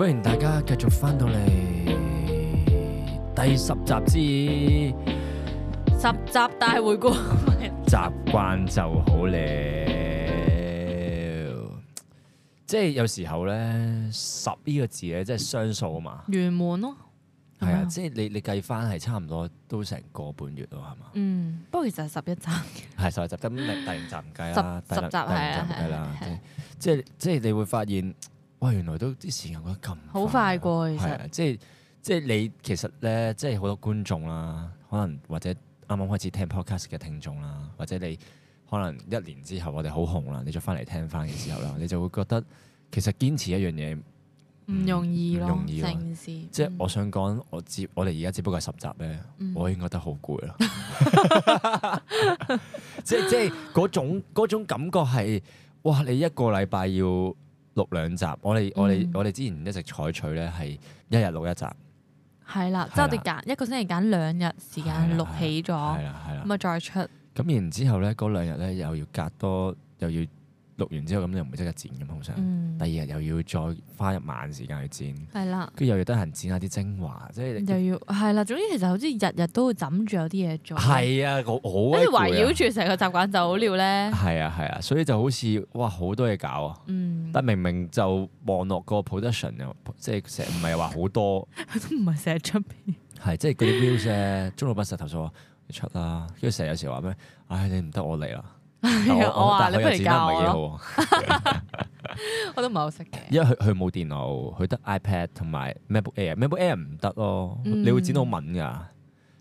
歡迎大家繼續翻到嚟第十集之十集大回顧，習慣就好了。即係有時候咧，十呢個字咧，即係雙數嘛。圓滿咯。係啊，嗎即係你你計翻係差唔多都成個半月咯，係嘛？嗯，不過其實係十一集。係十一六十集,集，咁第第十集唔計啦，第十集係啦，即係即係 你會發現。哇！原來都啲時間過得咁快，係啊！即係即係你其實呢，即係好多觀眾啦，可能或者啱啱開始聽 podcast 嘅聽眾啦，或者你可能一年之後我哋好紅啦，你再翻嚟聽翻嘅時候啦，你就會覺得其實堅持一樣嘢唔容易咯，容易即係我想講，我接我哋而家只不過係十集呢，我已經覺得好攰啦，即係即係嗰種感覺係哇！你一個禮拜要～錄兩集，我哋、嗯、我哋我哋之前一直採取咧係一日錄一集，係啦了，即係了我哋揀一個星期揀兩日時間錄起咗，咁啊再出，咁然之後咧嗰兩日咧又要隔多又要。錄完之後咁你又唔會即刻剪咁，通常、嗯、第二日又要再花一晚時間去剪，係啦，跟住又要得閒剪下啲精華，即係又要係啦。總之其實好似日日都會枕住有啲嘢做，係啊，我、啊、好、啊啊。跟住圍繞住成個習慣就好料咧，係啊係啊，所以就好似哇好多嘢搞啊，嗯、但明明就望落個 production 又、嗯、即係成日唔係話好多，都唔係成日出片，係即係嗰啲 news 咧，鍾老闆實投訴話出啦，跟住成日有時話咩，唉你唔得我嚟啦。啊啊 我話哇你不如教我， 我都唔係好識嘅。因為佢佢冇電腦，佢得 iPad 同埋 MacBook Air，MacBook Air 唔得咯。你會剪到好敏噶，嗯、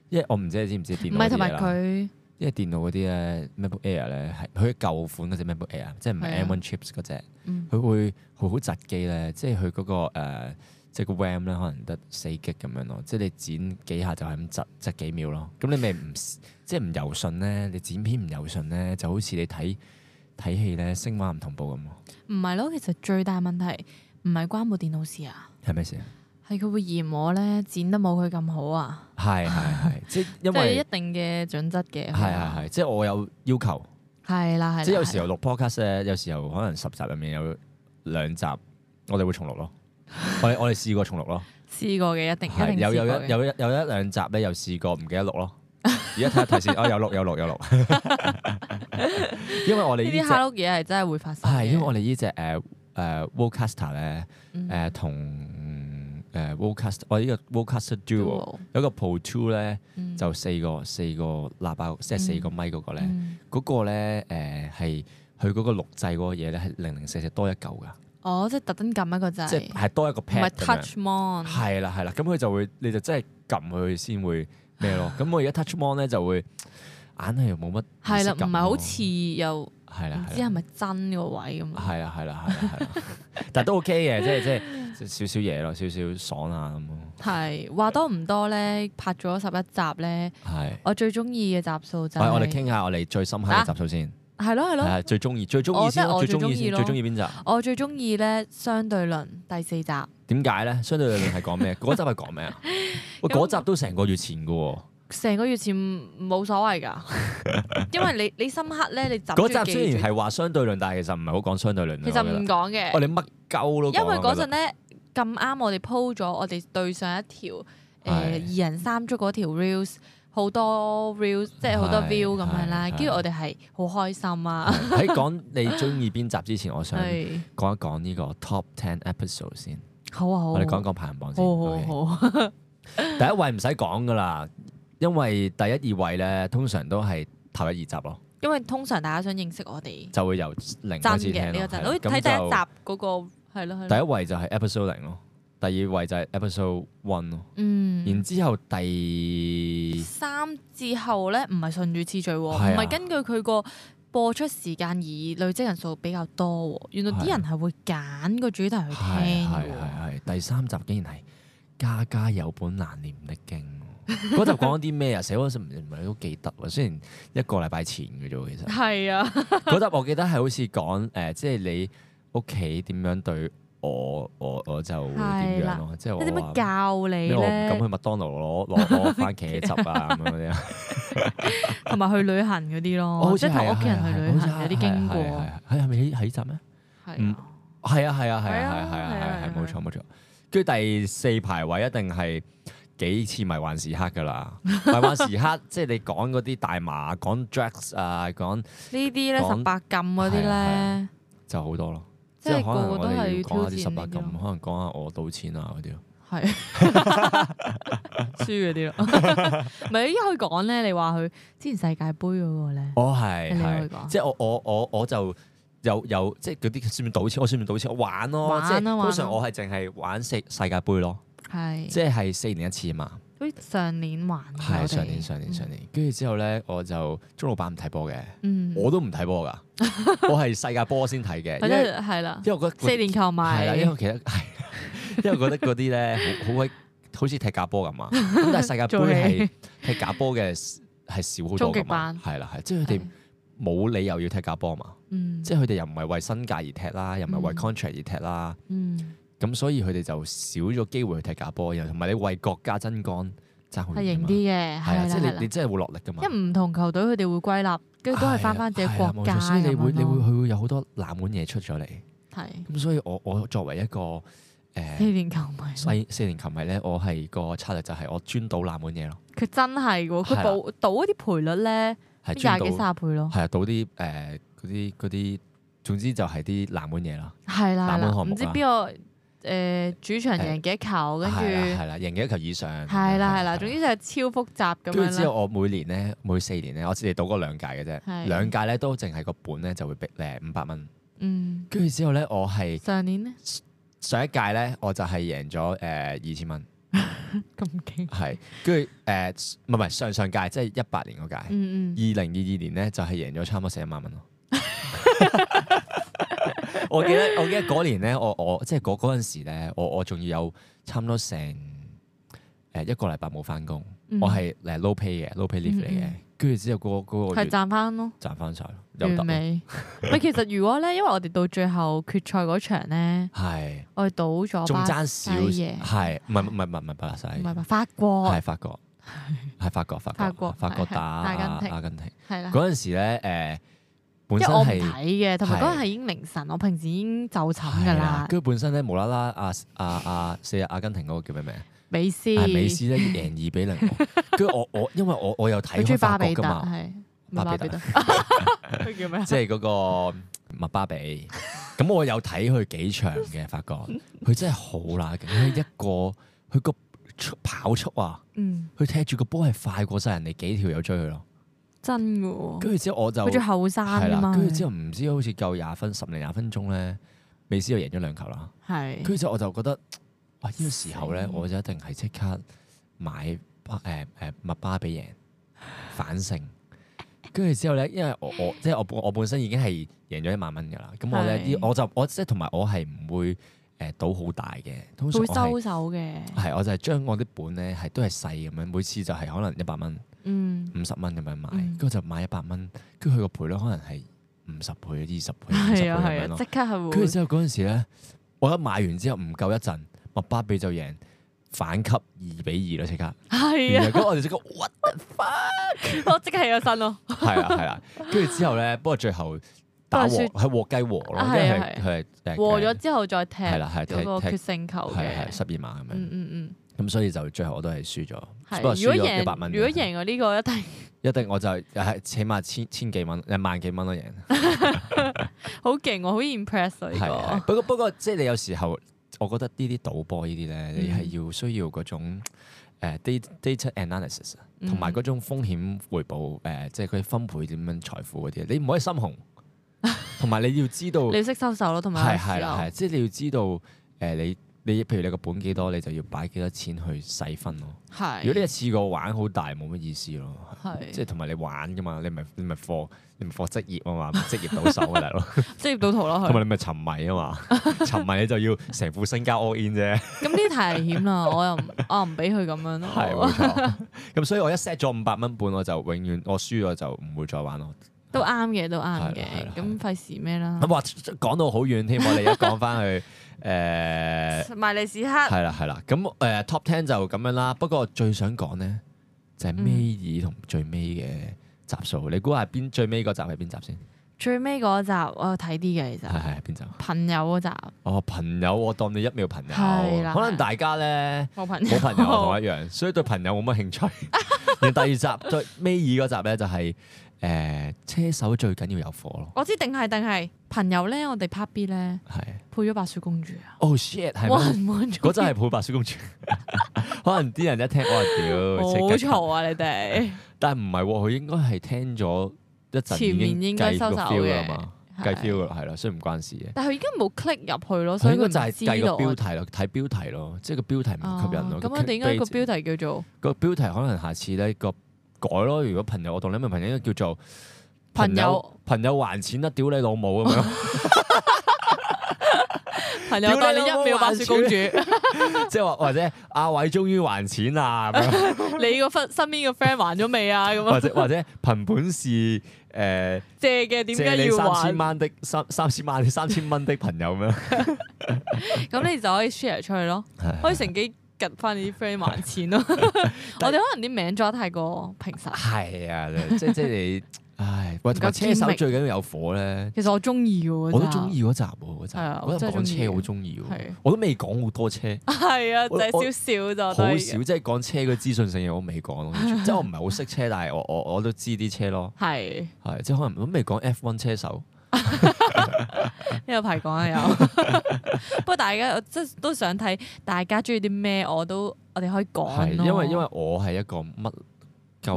因為我唔知你知唔知電腦嗰啲啦。因為電腦嗰啲咧，MacBook Air 咧係佢舊款嗰隻 MacBook Air，即係唔係 M One Chips 嗰隻，佢、嗯、會好好窒機咧，即係佢嗰個、uh, 即個 RAM 咧，可能得四 G 咁樣咯。即你剪幾下就係咁，窒窒幾秒咯。咁你咪唔即唔流順咧？你剪片唔流順咧，就好似你睇睇戲咧聲畫唔同步咁。唔係咯，其實最大問題唔係關部電腦事啊。係咩事啊？係佢會嫌我咧剪得冇佢咁好啊。係係係，即因為即一定嘅準則嘅。係係係，即我有要求。係啦係。即有時候錄 podcast 咧，有時候可能十集入面有兩集，我哋會重錄咯。我我哋試過重錄咯，試過嘅一定有有有有一有一兩集咧，又試過唔記得錄咯。而家睇下提示，哦，有錄有錄有錄，因為我哋呢啲哈錄嘢係真係會發生。係因為我哋呢隻誒誒 Vocaster 咧，誒同誒 Vocaster 我呢個 Vocaster Duo 有個 Pro Two 咧，就四個四個喇叭，即係四個咪嗰個咧，嗰個咧誒係佢嗰個錄製嗰個嘢咧，係零零舍舍多一嚿噶。哦，即係特登撳一個掣即係多一個 pad 唔係 touch more。係啦係啦，咁佢就會，你就真係撳佢先會咩咯？咁我而家 touch more 咧就會硬係又冇乜。係啦，唔係好似又唔知係咪真個位咁。係啦係啦係啦，但係都 OK 嘅，即係即係少少嘢咯，少少爽下咁咯。係話多唔多咧？拍咗十一集咧，我最中意嘅集數就係喂，我哋傾下我哋最深刻嘅集數先。係咯，係咯，最中意最中意先，最中意最中意邊集？我最中意咧相對論第四集。點解咧？相對論係講咩？嗰集係講咩啊？嗰集都成個月前噶。成個月前冇所謂噶，因為你你深刻咧，你集嗰集雖然係話相對論，但係其實唔係好講相對論。其實唔講嘅。喂，你乜鳩都講。因為嗰陣咧咁啱，我哋鋪咗我哋對上一條誒二人三足嗰條 reels。好多 view，即係好多 view 咁樣啦，跟住我哋係好開心啊！喺講你中意邊集之前，我想講一講呢個 top ten episode 先。好啊好，我哋講一講排行榜先。好好好，第一位唔使講噶啦，因為第一二位咧通常都係頭一二集咯。因為通常大家想認識我哋，就會由零開始聽咯。咁就睇第一集嗰個係咯係咯。第一位就係 episode 零咯。第二位就係 Episode One 咯、嗯，然之後第，第三之後咧，唔係順住次序，唔係、啊、根據佢個播出時間而累積人數比較多。原來啲人係會揀個主題去睇。嘅。係係第三集竟然係家家有本難念的經。嗰 集講咗啲咩啊？寫嗰陣唔係都記得喎。雖然一個禮拜前嘅啫，其實係是啊。嗰 集我記得係好似講誒，即係你屋企點樣對。我我我就會點樣咯，即係我點樣教你我唔敢去麥當勞攞攞攞番茄汁啊，咁嗰啲啊，同埋去旅行嗰啲咯，好想同屋企人去旅行有啲經過。係係咪喺喺集咩？係係啊係啊係啊係啊係啊係冇錯冇錯。跟住第四排位一定係幾次迷幻時刻噶啦，迷幻時刻即係你講嗰啲大麻講 drugs 啊，講呢啲咧十八禁嗰啲咧就好多咯。即係可能我都係講下啲十八禁，可能講下我賭錢啊嗰啲咯，係輸嗰啲咯，唔係依可以講咧？你話佢之前世界盃嗰個咧，哦係，係係，即係、就是、我我我我就有有即係嗰啲算唔算賭錢？我算唔算賭錢？我玩咯、啊，玩啊、即係通常我係淨係玩世世界杯咯、啊，即係四年一次嘛。好似上年玩，係上年上年上年，跟住之後咧，我就鍾老闆唔睇波嘅，我都唔睇波噶，我係世界波先睇嘅，係啦，因為， 因為覺得四年球買，因為其實因為覺得嗰啲咧好鬼，好似踢假波咁啊，咁但係世界盃係踢假波嘅係少好多咁，係啦係，即係佢哋冇理由要踢假波啊嘛，即係佢哋又唔係為身價而踢啦，又唔係為 contract 而踢啦。嗯嗯咁所以佢哋就少咗機會去踢假波，又同埋你為國家增光，係型啲嘅，係啊，即係你你真係會落力噶嘛。因為唔同球隊，佢哋會歸納，跟住都係翻翻自己國家。所以你會你會佢會有好多冷門嘢出咗嚟。係。咁所以我我作為一個誒四年球迷，四四年球迷咧，我係個策略就係我專賭冷門嘢咯。佢真係喎，佢賭賭啲賠率咧，係幾十幾十倍咯？係啊，賭啲誒嗰啲嗰啲，總之就係啲冷門嘢啦。係啦，冷門項目啦。唔知邊個？誒，主場贏幾球？跟住係啦，係啦，贏幾多球以上？係啦，係啦，總之就係超複雜咁。跟住之後，我每年咧，每四年咧，我只係賭過兩屆嘅啫。係兩屆咧，都淨係個本咧就會畀誒五百蚊。嗯。跟住之後咧，我係上年咧，上一屆咧，我就係贏咗誒二千蚊。咁勁！係跟住誒，唔係唔係上上屆，即係一八年嗰屆。二零二二年咧，就係贏咗差唔多四萬蚊咯。我記得，我記得嗰年咧，我我即係嗰嗰陣時咧，我我仲要有差唔多成誒一個禮拜冇翻工，我係誒 low pay 嘅，low pay leave 嚟嘅，跟住之後嗰個嗰個係賺翻咯，賺翻曬咯，又得未？咪其實如果咧，因為我哋到最後決賽嗰場咧，係我哋賭咗，仲爭少嘢，係唔係唔係唔係唔係巴西？唔係巴西，法國，係法國，係法國法國法國打阿根廷，阿根廷係啦。嗰陣時咧誒。即係我睇嘅，同埋嗰陣係已經凌晨，的我平時已經就寢噶啦。跟住本身咧，無啦啦，阿阿阿四日阿根廷嗰個叫咩名思、啊？美斯？美斯咧贏二比零。跟住我我，因為我我又睇，中巴比達，係的巴比佢叫咩？即係嗰個麥巴比。咁我有睇佢幾場嘅，發覺佢真係好乸嘅。佢一個，佢個出跑速啊，佢踢住個波係快過晒人哋幾條友追佢咯。真嘅、喔，跟住之後我就好後生啊嘛，跟住之後唔知好似夠廿分十零廿分鐘咧，未知道贏咗兩球啦。係是，跟住之後我就覺得，哇！呢、這個時候咧，了我就一定係即刻買巴誒誒麥巴比贏反勝。跟住唉之後咧，因為我我即係我、就是、我，我本身已經係贏咗一萬蚊噶啦，咁我咧是我就我即係同埋我係唔會誒賭好大嘅，通常會收手嘅。係，我就係將我啲本咧係都係細咁樣，每次就係可能一百蚊。嗯，五十蚊咁樣買，跟住就買一百蚊，跟住佢個賠率可能係五十倍、二十倍、五十倍咁樣咯。即刻係會。跟住之後嗰陣時咧，我一買完之後唔夠一陣，麥巴比就贏反給二比二咯，即刻。係啊。我哋即刻 What the fuck 我即刻起咗身咯。係啊係啊，跟住之後咧，不過最後打和係和雞和咯，係係係和咗之後再踢，係啦係踢個決勝球十二碼咁樣。嗯嗯。咁所以就最後我都係輸咗。如果贏，如果贏我呢個一定一定我就係起碼千千幾蚊，誒萬幾蚊咯贏。好勁，我好 impress 啊。不過不過，即係你有時候，我覺得呢啲賭波呢啲咧，你係要需要嗰種誒 data analysis 同埋嗰種風險回報誒，即係佢分配點樣財富嗰啲，你唔可以心雄。同埋你要知道，你識收手咯，同埋係係即係你要知道誒你。譬如你個本幾多，你就要擺幾多錢去洗分咯。係是，如果你一次過玩好大，冇乜意思咯。係是，即係同埋你玩噶嘛，你咪你咪課，你咪課職業啊嘛，職 業到手嚟咯，職業倒逃咯。同埋你咪沉迷啊嘛，沉迷你就要成副身家 all in 啫。咁呢啲太危險啦，我又我唔俾佢咁樣咯。係，冇錯。咁所以我一 set 咗五百蚊半，我就永遠我輸咗就唔會再玩咯。都啱嘅，都啱嘅，咁費事咩啦？咁話講到好遠添，我哋又講翻去誒。馬利士克係啦，係啦。咁誒，Top Ten 就咁樣啦。不過最想講呢，就係尾二同最尾嘅集數。你估下邊最尾嗰集係邊集先？最尾嗰集我睇啲嘅，其實係係邊集？朋友嗰集。哦，朋友，我當你一秒朋友。係啦。可能大家咧冇朋友，冇朋友同我一樣，所以對朋友冇乜興趣。第二集最尾二嗰集咧，就係。誒車手最緊要有火咯！我知定係定係朋友咧，我哋 party 咧，係配咗白雪公主啊 Oh shit！嗰真係配白雪公主，可能啲人一聽，哇屌！冇錯啊，你哋，但唔係喎，佢應該係聽咗一陣前面應該收手㗎嘛，計 feel 係咯，所以唔關事嘅。但係佢已經冇 click 入去咯，所以應該就係計個標題咯，睇標題咯，即係個標題唔吸引咯。咁我哋應該個標題叫做個標題，可能下次咧個。改咯！如果朋友，我同你咪朋友，叫做朋友朋友，朋友還錢得、啊、屌你老母咁樣， 朋友帶你一秒白雪公主，即係話或者阿偉終於還錢啦，你個身邊個 friend 還咗未啊？咁 或者或者憑本事誒、呃、借嘅點解要還？借你三千蚊的三三千蚊三千蚊的朋友咁樣？咁 你就可以 share 出去咯，可以成幾？跟翻你啲 friend 還錢咯，我哋可能啲名抓太過平實。係啊，即即係，唉，喂，車手最緊要有火咧。其實我中意喎，我都中意嗰集喎，嗰集我集講車我好中意喎，我都未講好多車。係啊，就係少少就好少，即係講車嘅資訊性嘢我未講，即係我唔係好識車，但係我我我都知啲車咯。係係，即係可能我都未講 F1 車手。呢 個排講啊，有 不過大家即都想睇，大家中意啲咩，我都我哋可以講，因為因為我係一個乜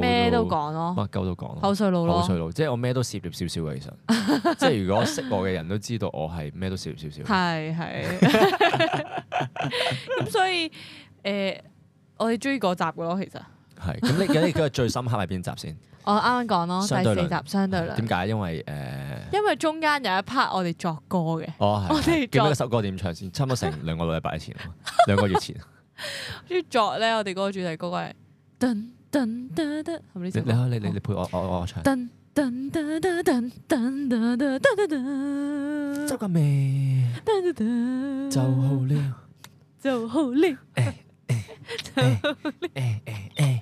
咩都講咯，乜鳩都講咯，口水佬咯，口水佬，即係我咩都涉獵少少嘅。其實 即係如果我識我嘅人都知道我係咩都涉獵少少。係係咁， 所以誒、呃，我哋中意嗰集嘅咯，其實係咁。你你佢最深刻係邊集先？ 我啱啱講咯，第四集相對論。點解、嗯？因為誒。呃因為中間有一 part 我哋作歌嘅，我哋記得首歌點唱先，差唔多成兩個禮拜前，兩個月前。要作咧，我哋個主題歌係噔噔噔噔，你你你你陪我我我唱。噔噔噔噔噔噔噔噔噔，走個咩？噔噔，走好令，走好令，誒誒，走好令，誒誒誒。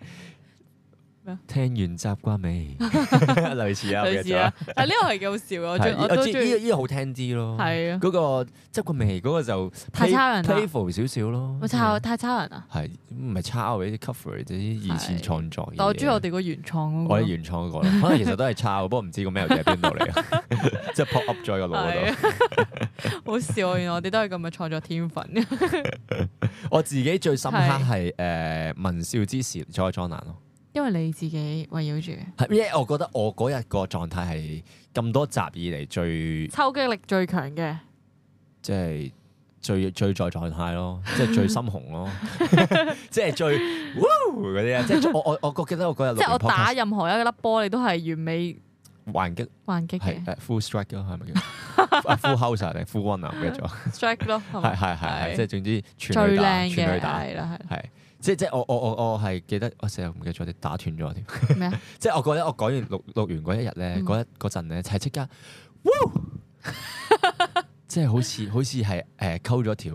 聽完習慣未？類似啊，類似啊，但呢個係幾好笑嘅，我最中意呢個呢個好聽啲咯。係啊，嗰個執個尾嗰個就太差人，playful 少少咯。抄太差人啊？係唔係抄嘅 cover 啲以前創作？但我中意我哋個原創咯。我係原創嗰個，可能其實都係抄，不過唔知個咩 u s i 邊度嚟，即係 pop up 咗個腦嗰度。好笑，原來我哋都係咁嘅創作天分。我自己最深刻係誒，文笑之時再裝難咯。因為你自己圍繞住，係咩？我覺得我嗰日個狀態係咁多集以嚟，最抽擊力最強嘅，即係最最在狀態咯，即係最深紅咯，即係最哇嗰啲啊！即係我我我覺得我嗰日即係我打任何一粒波，你都係完美還擊還擊嘅 full strike 咯，係咪叫 full house 定 full one 啊？唔記得咗。strike 咯，係系係即係總之最靚嘅，係係。即即我我我我係記得，我成日唔記得咗，我打斷咗添。咩啊？我覺得我講完錄錄完嗰一日咧，嗰一嗰陣咧就係即刻，即係好似好似係誒溝咗條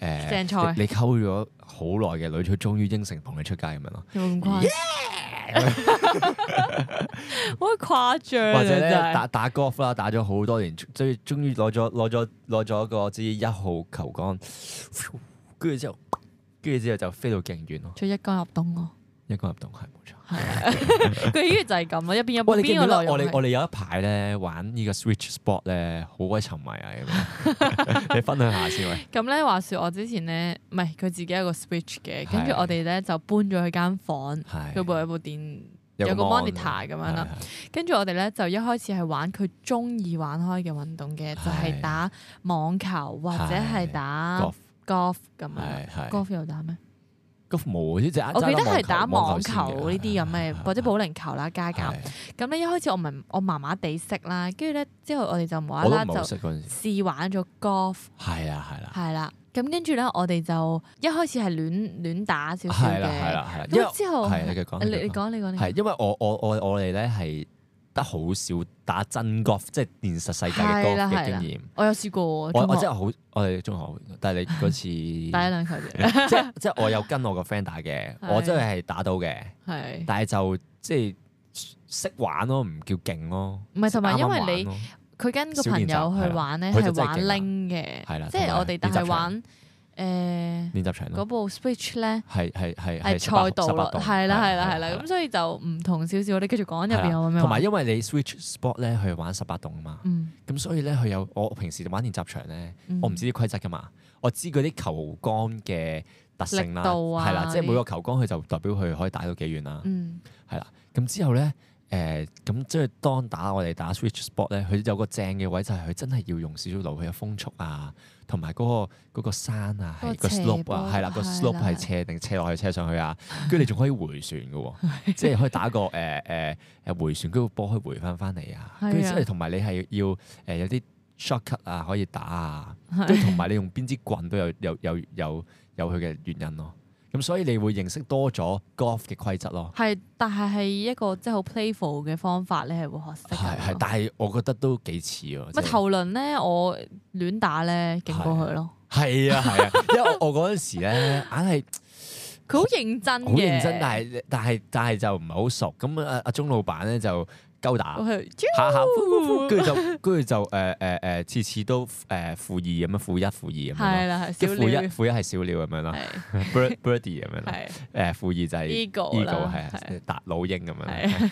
誒，你溝咗好耐嘅女仔，終於應承同你出街咁樣咯。好誇張！或者打打 golf 啦，打咗好多年，最終於攞咗攞咗攞咗個即一號球杆，跟住之後。跟住之後就飛到勁遠咯，出一竿入洞咯，一竿入洞係冇錯。係啊，佢依家就係咁咯，一邊有邊我哋我哋有一排咧玩呢個 Switch Sport 咧，好鬼沉迷啊！咁樣你分享下先喎。咁咧話説我之前咧，唔係佢自己有個 Switch 嘅，跟住我哋咧就搬咗佢間房，佢部有部電，有個 monitor 咁樣啦。跟住我哋咧就一開始係玩佢中意玩開嘅運動嘅，就係打網球或者係打。golf 咁樣，golf 又打咩？golf 冇，呢隻我記得係打網球呢啲咁嘅，或者保齡球啦、街球。咁咧一開始我唔係我麻麻地識啦，跟住咧之後我哋就無啦啦就試玩咗 golf。係啊係啦，係啦。咁跟住咧，我哋就一開始係亂亂打少少嘅，係啦係啦係之後你你講你講，係因為我我我我哋咧係。得好少打真 golf，即係現實世界嘅 golf 嘅經驗。我有試過，我我真係好，我哋中學。但係你嗰次打一兩球，即，即係我有跟我個 friend 打嘅，我真係係打到嘅。但係就即係識玩咯，唔叫勁咯。唔係，同埋因為你佢跟個朋友去玩咧，係玩拎嘅，係啦，即係我哋但係玩。誒練習場嗰部 switch 咧係係係係賽道啊，係啦係啦係啦，咁所以就唔同少少。你哋繼續講入邊有咁咩？同埋因為你 switch sport 咧，佢玩十八洞啊嘛，咁所以咧佢有我平時玩練習場咧，我唔知啲規則㗎嘛，我知嗰啲球桿嘅特性啦，係啦，即係每個球桿佢就代表佢可以打到幾遠啦，係啦，咁之後咧。誒咁即係當打我哋打 Switch Sport 咧，佢有個正嘅位就係佢真係要用少少路，佢嘅風速啊，同埋嗰個山啊，個 slope 啊，係啦，個 slope 係斜定的斜落去斜上去啊，跟住你仲可以回旋嘅喎， 即係可以打個誒誒誒回旋，跟住波可以回翻翻嚟啊，跟住即係同埋你係要誒、呃、有啲 shortcut 啊可以打啊，即係同埋你用邊支棍都有有有有有佢嘅原因咯、啊。咁所以你會認識多咗 golf 嘅規則咯。係，但係係一個即係好 playful 嘅方法咧，係會學識。係係的，我但係我覺得都幾似喎。咪不、就是、頭輪咧，我亂打咧，勁過去咯。係啊係啊，因為我嗰陣 時咧，硬係佢好認真好認真，但係但係但係就唔係好熟。咁阿阿鐘老闆咧就。鳩打，下下，跟住就，跟住就，誒誒誒，次次都，誒負二咁樣，負一負二咁樣，一負一負一係小鳥咁樣咯，bird birdy 咁樣咯，誒負二就係 eagle 啦，係，搭老鷹咁樣，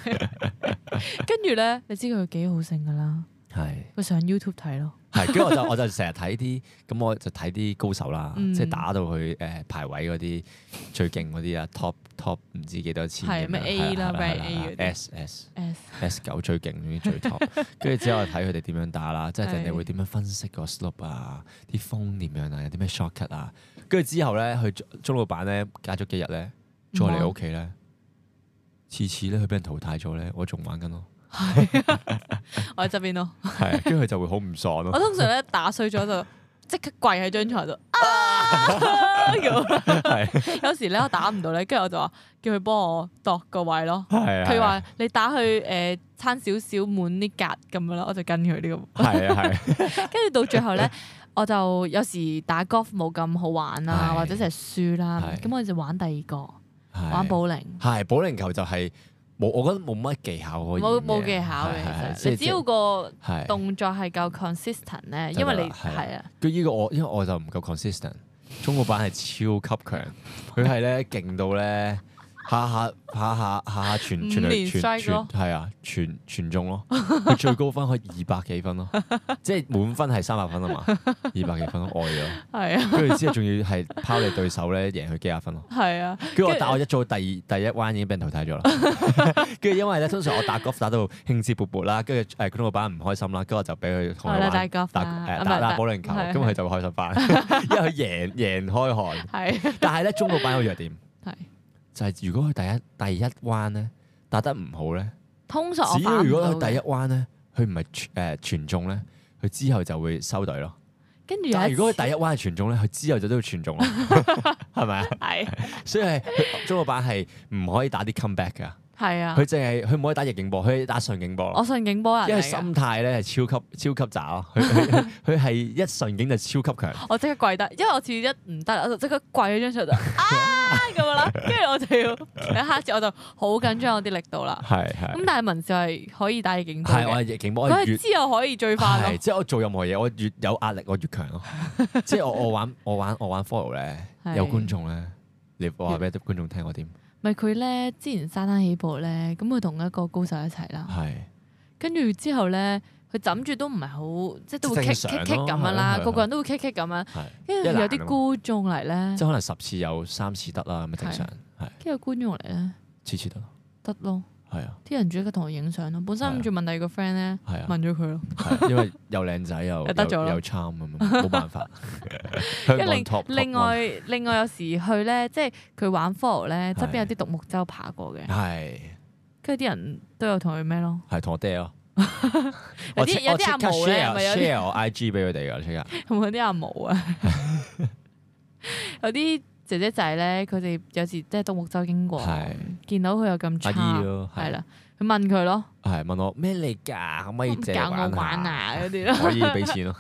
跟住咧，你知道佢幾好勝㗎啦。係，佢上 YouTube 睇咯。係，跟住我就我就成日睇啲，咁我就睇啲高手啦，即係打到去誒排位嗰啲最勁嗰啲啊，top top 唔知幾多千，嘅。係咩 A 啦，咩 A S S S 九最勁最 top，跟住之後睇佢哋點樣打啦，即係人哋會點樣分析個 slope 啊，啲風點樣啊，有啲咩 shortcut 啊。跟住之後咧，佢鍾老闆咧隔咗幾日咧，再嚟屋企咧，次次咧佢俾人淘汰咗咧，我仲玩緊咯。係， 我喺側邊咯。係，跟住佢就會好唔爽咯、啊。 我通常咧打碎咗就即刻跪喺張床度。係、啊， 有時咧我打唔到咧，跟住我就話叫佢幫我度個位咯。係啊 說。佢話你打去誒，差少少滿啲格咁樣啦，我就跟佢呢個。係啊係。跟住到最後咧，我就有時打 golf 冇咁好玩啦， 或者成輸啦，咁 我就玩第二個， 玩保齡。係 保齡球就係、是。冇，我覺得冇乜技巧可以。冇技巧嘅，其實、就是、只要個動作係夠 consistent 咧、就是，因為你係啊。佢依個我，因為我就唔夠 consistent。 中國版係超級強，佢係咧勁到咧。下下下下下下全全全全係啊，全全中咯！佢最高分可以二百幾分咯，即係滿分係三百分啊嘛，二百幾分，愛咗。係啊，跟住之後仲要係拋你對手咧，贏佢幾廿分咯。係啊，跟住我打我一做第二第一彎已經俾人淘汰咗啦。跟住因為咧通常我打 golf 打到興致勃勃啦，跟住誒佢中個板唔開心啦，跟住我就俾佢同佢打打打保齡球，咁佢就開心翻，因為佢贏贏開汗。係，但係咧中個板有弱點。係。就係如果佢第一第一彎咧打得唔好咧，通常只要如果佢第一彎咧，佢唔係誒全中咧，佢之後就會收隊咯。跟住，但係如果佢第一彎係全中咧，佢之後就都要全中啦，係咪啊？係是， 所以中老闆係唔可以打啲 comeback 㗎。係啊，佢淨係佢唔可以打逆境波，佢打順境波。我順境波啊，因為心態咧係超級超級渣咯。佢佢係一順境就超級強。我即刻跪低，因為我次一唔得，我就即刻跪喺張床度啊咁樣啦。跟住我就要，下一次我就好緊張我啲力度啦。咁但係文少係可以打逆境波，我係逆境波。之後可以追翻嚟咯。即係我做任何嘢，我越有壓力，我越強咯。即係我我玩我玩我玩 follow 咧，有觀眾咧，你我話俾啲觀眾聽我點。咪佢咧之前沙灘起步咧，咁佢同一個高手一齊啦，跟住之後咧，佢枕住都唔係好，即係都會棘棘棘 k k 咁樣啦，個個人都會棘棘 c k 咁樣，因為有啲觀眾嚟咧，是是即係可能十次有三次得啦，咁咪是正常，跟住觀眾嚟咧，次次都得咯。係啊，啲人仲一個同我影相咯，本身諗住問第二個 friend 咧，問咗佢咯，因為又靚仔又得咗又 charm 咁，冇辦法。另外另外另外有時去咧，即係佢玩 follow 咧，側邊有啲獨木舟爬過嘅，跟住啲人都有同佢咩咯，係同我爹咯，有啲有啲阿毛咧，share IG 俾佢哋噶，同佢啲阿毛啊，有啲。姐姐仔咧，佢哋有時即係東木洲經過，見到佢有咁差，係啦，佢問佢咯，係問我咩嚟㗎？可唔可以借我玩啊？嗰啲咯，可以俾錢咯，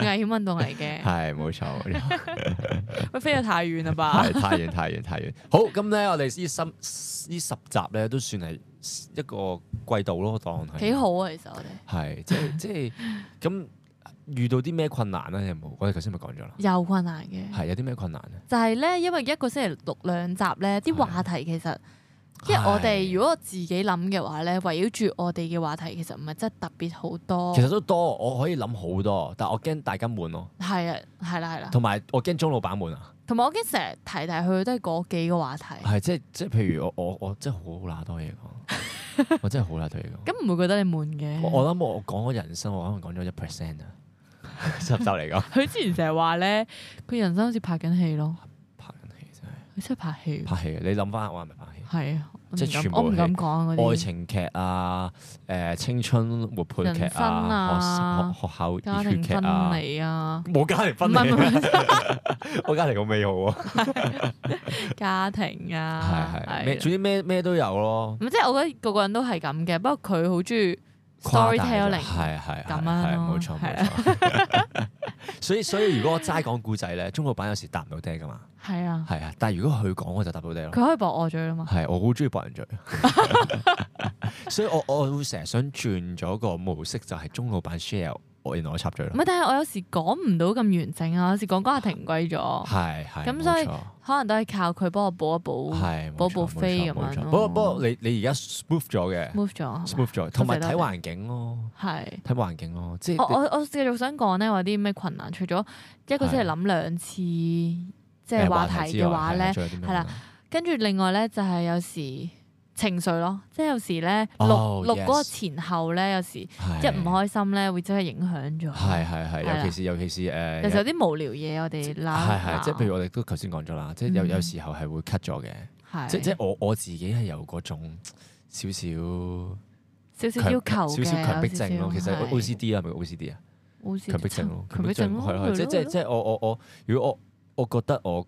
危險運動嚟嘅，係冇錯。喂，飛得太遠啦吧？太遠太遠太遠。好咁咧，我哋呢呢十集咧都算係一個季度咯，當係幾好啊！其實我哋係即係即係咁。遇到啲咩困難咧？有冇？我哋頭先咪講咗啦。有困難嘅。係有啲咩困難咧？就係咧，因為一個星期錄兩集咧，啲話題其實，因為我哋如果我自己諗嘅話咧，圍繞住我哋嘅話題，其實唔係真係特別好多。其實都多，我可以諗好多，但係我驚大家悶咯。係啊，係啦，係啦。同埋我驚鍾老闆悶啊。同埋我驚成日提提佢都係嗰幾個話題。係即係即係，譬如我我我真係好懶，多嘢講。我真係好懶，多嘢講。咁唔會覺得你悶嘅？我諗我講我人生，我可能講咗一 percent 啊。十集嚟噶，佢之前成日話咧，佢人生好似拍緊戲咯，拍緊戲真係，佢真係拍戲，拍戲，你諗翻下，我係咪拍戲？係啊，即係全部係愛情劇啊，誒，青春活配劇啊，學學校、家庭劇啊，冇家庭，唔係唔係我家庭好美好啊，家庭啊，係係，總之咩咩都有咯，唔即係我覺得個個人都係咁嘅，不過佢好中意。誇大啦，係啊係啊，咁啊是，冇錯冇錯。所以所以如果我齋講古仔咧，鍾老闆有時答唔到爹噶嘛，係啊係啊。但係如果佢講，我就答到爹咯。佢可以駁我嘴啊嘛，係我好中意駁人嘴。 所以我我會成日想轉咗個模式，就係、是、鍾老闆 share。原來我插嘴啦。唔係，但係我有時講唔到咁完整啊，有時講講下停歸咗。係係。咁所以可能都係靠佢幫我補一補，補補飛咁樣。不過不過，你你而家 smooth 咗嘅，smooth 咗，smooth 咗，同埋睇環境咯。係睇環境咯，即係我我我繼續想講咧，話啲咩困難？除咗一個星期諗兩次即係話題嘅話咧，係啦。跟住另外咧就係有時。情緒咯，即係有時咧錄錄嗰個前後咧，有時即係唔開心咧，會真係影響咗。係係係，尤其是尤其是誒。有時候有啲無聊嘢，我哋啦。係係，即係譬如我哋都頭先講咗啦，即係有有時候係會 cut 咗嘅。係。即即我我自己係有嗰種少少少少要求，少少強迫症咯。其實 OCD 啊，係咪 OCD 啊？強迫症咯，強迫症咯。係咯，即即即我我我，如果我我覺得我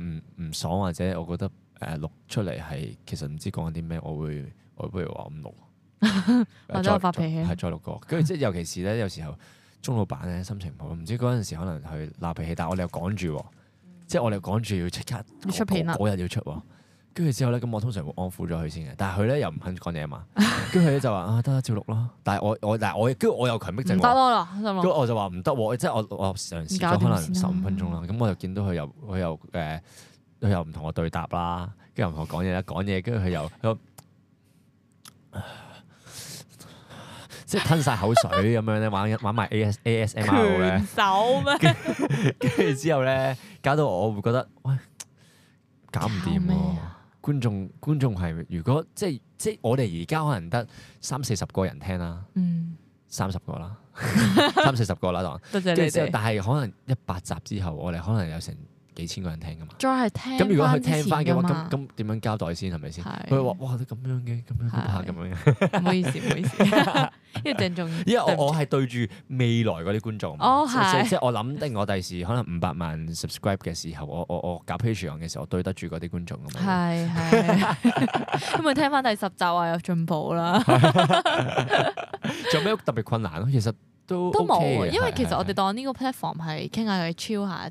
唔唔爽或者我覺得。誒錄出嚟係其實唔知講緊啲咩，我會我不如話唔錄或者我發脾氣，係再錄過，跟住即係尤其是咧，有時候鍾老闆咧心情唔好，唔知嗰陣時可能佢鬧脾氣，但係我哋又趕住，嗯、即係我哋又趕住要即刻，出片嗰日要出，跟住之後咧，咁我通常會安撫咗佢先嘅，但係佢咧又唔肯講嘢 啊嘛，跟住佢咧就話啊得啦照錄咯，但係我但我但係我跟住我又強迫症。得咯，我就話唔得喎，即係我我嘗試咗可能十五分鐘啦，咁、嗯、我就見到佢又佢又誒。佢又唔同我對答啦，跟住又唔同我講嘢啦，講嘢，跟住佢又即係吞晒口水咁樣咧，玩玩埋 A S A S M R 咧，拳手咩？跟住之後咧，搞到我會覺得喂搞唔掂喎！觀眾觀眾係如果即係即係我哋而家可能得三四十個人聽啦，嗯，三十個啦， 三四十個啦，當多 謝你哋。但係可能一百集之後，我哋可能有成幾千個人聽噶嘛，再係聽翻之前噶嘛，咁咁點樣交代先係咪先？佢話是哇，咁樣嘅，咁樣唔怕，咁樣嘅。唔好意思，唔好意思，一定重要。因為我我係對住未來嗰啲觀眾。哦係，即係我諗，定我第時可能五百萬 subscribe 嘅時候，我我我搞 Patreon 嘅時候，我對得住嗰啲觀眾咁。係係，咁咪 聽翻第十集啊，進 有進步啦。仲有咩特別困難咯？其實。都冇，因為其實我哋當呢個 platform 係傾下佢 chill 下，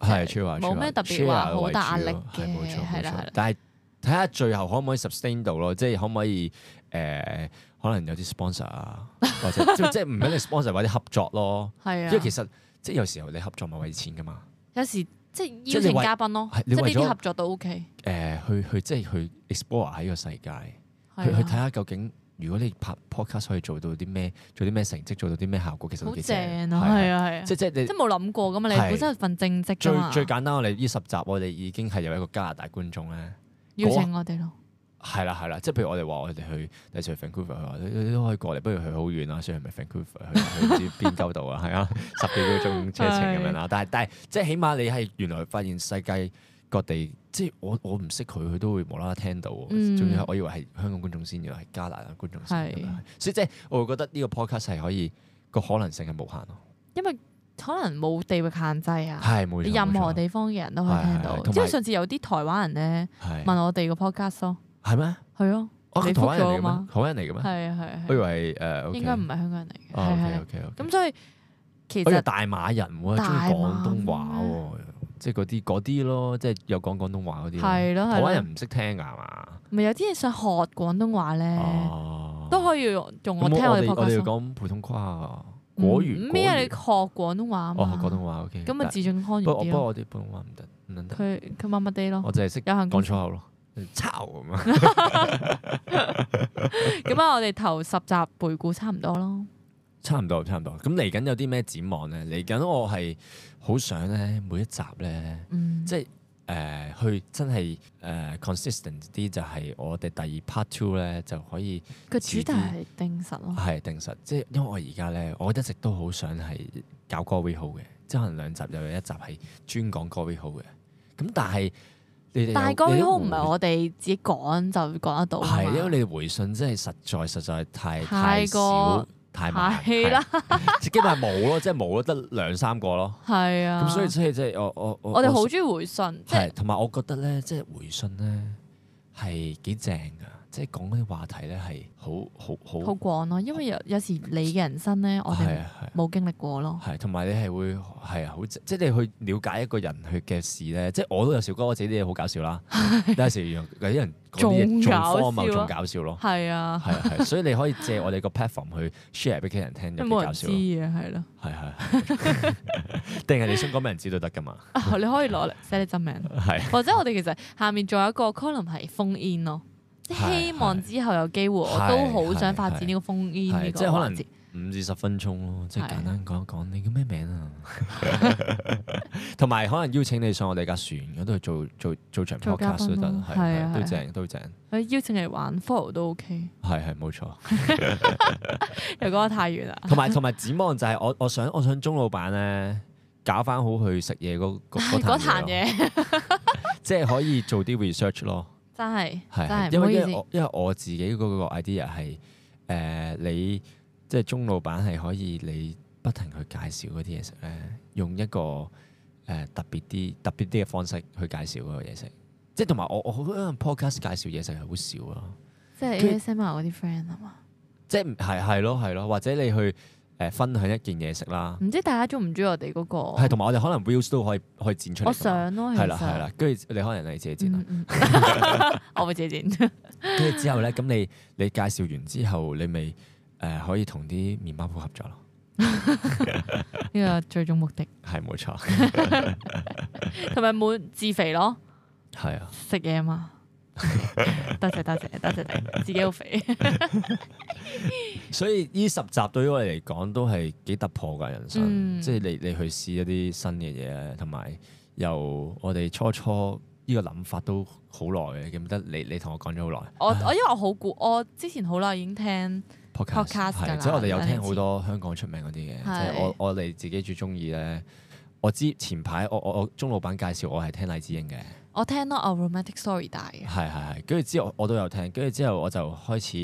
冇咩對特別話好大壓力嘅，係啦係啦。對對對，但係睇下最後可唔可以 sustain 到咯，即係可唔可以誒、呃，可能有啲 sponsor 啊， 或者即係唔一定 sponsor，或者合作咯。係啊，因為其實即係有時候你合作咪為錢噶嘛。有時即係邀請嘉賓咯，即係呢啲合作都 OK。誒、呃，去去即係去 explore 喺個世界，對 去睇下究竟。如果你拍 podcast 可以做到啲咩？做啲咩成績？做到啲咩效果？其實都幾正啊！係啊係啊！即即你即冇諗過噶嘛？你本身係份正職，最最簡單，我哋呢十集我哋已經係有一個加拿大觀眾咧邀請我哋咯。係啦係啦，即譬如我哋話我哋去，例如 Vancouver 去，你你都可以過嚟。不如去好遠啊，雖然唔係 Vancouver 去去啲邊州度啊，係啊，十幾個鐘車程咁樣啦。但係但係即起碼你係原來發現世界。各地即係我我唔識佢，佢都會無啦啦聽到。總之我以為係香港觀眾先，以為係加拿大觀眾先，所以即係我覺得呢個 podcast 係可以個可能性係無限咯。因為可能冇地域限制啊，係冇錯，任何地方嘅人都可以聽到。即係上次有啲台灣人咧問我哋個 podcast 咯，係咩？係啊，我哋台灣人嚟嘅嘛，台灣人嚟嘅嘛。係啊係，我以為誒應該唔係香港人嚟嘅，係係。咁所以其實好似大馬人得中意廣東話喎。即係嗰啲嗰啲咯，即係有講廣東話嗰啲，台灣人唔識聽㗎係嘛？咪有啲人想學廣東話咧，都可以用我聽我哋我哋要講普通話啊，國語。咩啊？你學廣東話啊？我學廣東話 OK。咁啊，自盡康粵啲。不不過我哋普通話唔得唔得。佢佢乜乜啲咯？我淨係識有閒講粗口咯，抄咁啊！咁我哋頭十集回顧差唔多咯。差唔多，差唔多。咁嚟緊有啲咩展望咧？嚟緊我係好想咧，每一集咧，嗯、即係誒、呃、去真係誒、呃、consistent 啲，就係、是、我哋第二 part two 咧就可以個主題係定實咯、啊。係定實，即係因為我而家咧，我一直都好想係搞歌尾好嘅，即係可能兩集又有一集係專講歌尾好嘅。咁但係你哋但係歌尾好唔係我哋自己講就講得到？係的因為你哋回信真係實，實在實在太太，過太少。太唔係啦，是的 對基本咪冇咯， 即係冇咯，得兩三個咯。係啊的，咁所以即係即係我我我哋好中意回信，係同埋我覺得咧，即係回信咧係幾正㗎。即係講嗰啲話題咧，係好好好廣咯，因為有有時你嘅人生咧，我哋冇經歷過咯。係，同埋你係會係啊，好即係你去了解一個人佢嘅事咧。即係我都有少講我自己啲嘢好搞笑啦。有時有啲人講啲嘢仲荒謬，仲搞笑咯。係啊，係啊，所以你可以借我哋個 platform 去 share 俾啲人聽，有啲搞笑。冇人知咯。係係。定係你想講俾人知道得㗎嘛？你可以攞嚟寫你真名，或者我哋其實下面仲有一個 column 係封咯。希望之後有機會，我都好想發展呢個風衣。呢個。即係可能五至十分鐘咯，即係簡單講一講。你叫咩名啊？同埋可能邀請你上我哋架船嗰度做做做場 podcast 都得，係都正都正。邀請你玩 follow 都 OK。係係，冇錯。又講得太遠啦。同埋同埋展望就係我我想我想鐘老闆咧搞翻好去食嘢嗰嗰嗰壇嘢，即係可以做啲 research 咯。但係，因為是是因為我因為我，因為我自己嗰個 idea 係，誒、呃、你即係中老闆係可以你不停去介紹嗰啲嘢食咧，用一個誒、呃、特別啲特別啲嘅方式去介紹嗰個嘢食，即係同埋我我好多人 podcast 介紹嘢食係好少咯，即係 ASMR 嗰啲 friend 啊嘛，即係係係咯係咯，或者你去。誒分享一件嘢食啦，唔知大家中唔中意我哋嗰、嗰個？係同埋我哋可能 video 可以可以剪出嚟。我想咯、啊，係啦係啦，跟住你可能你自己剪啦。我唔會自己剪。跟住之後咧，咁你你介紹完之後，你咪誒可以同啲、呃、麵包鋪合作咯。呢個 最終目的係冇錯，同埋冇自肥咯。係啊，食嘢嘛。 多謝多謝多謝你， 自己好肥。 所以呢十集對於我嚟講都係幾突破噶人生，嗯、即係你你去試一啲新嘅嘢，同埋由我哋初初呢個諗法都好耐嘅，記唔得你你同我講咗好耐。我 因為我好古，我之前好耐已經聽 podcast，係，所、就是、我哋有聽好多香港出名嗰啲嘅，即係的我我哋自己最中意咧。我知前排我我我鍾老闆介紹我係聽李子英嘅。我聽咯，我 romantic story 大係係係，跟住之後我都有聽，跟住之後我就開始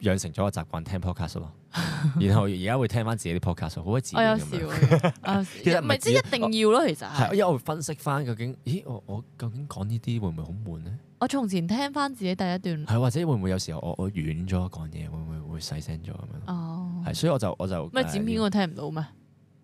養成咗個習慣聽 podcast 咯。 然後而家會聽翻自己啲 podcast，好鬼自然咁樣。啊，唔 一定要咯，我其實係。因為我會分析翻究竟，咦，我，我究竟講呢啲會唔會好悶咧？我從前聽翻自己第一段，係或者會唔會有時候我我遠咗講嘢，會唔會會細聲咗咁樣？哦，係，所以我就我就剪片，我聽唔到咩？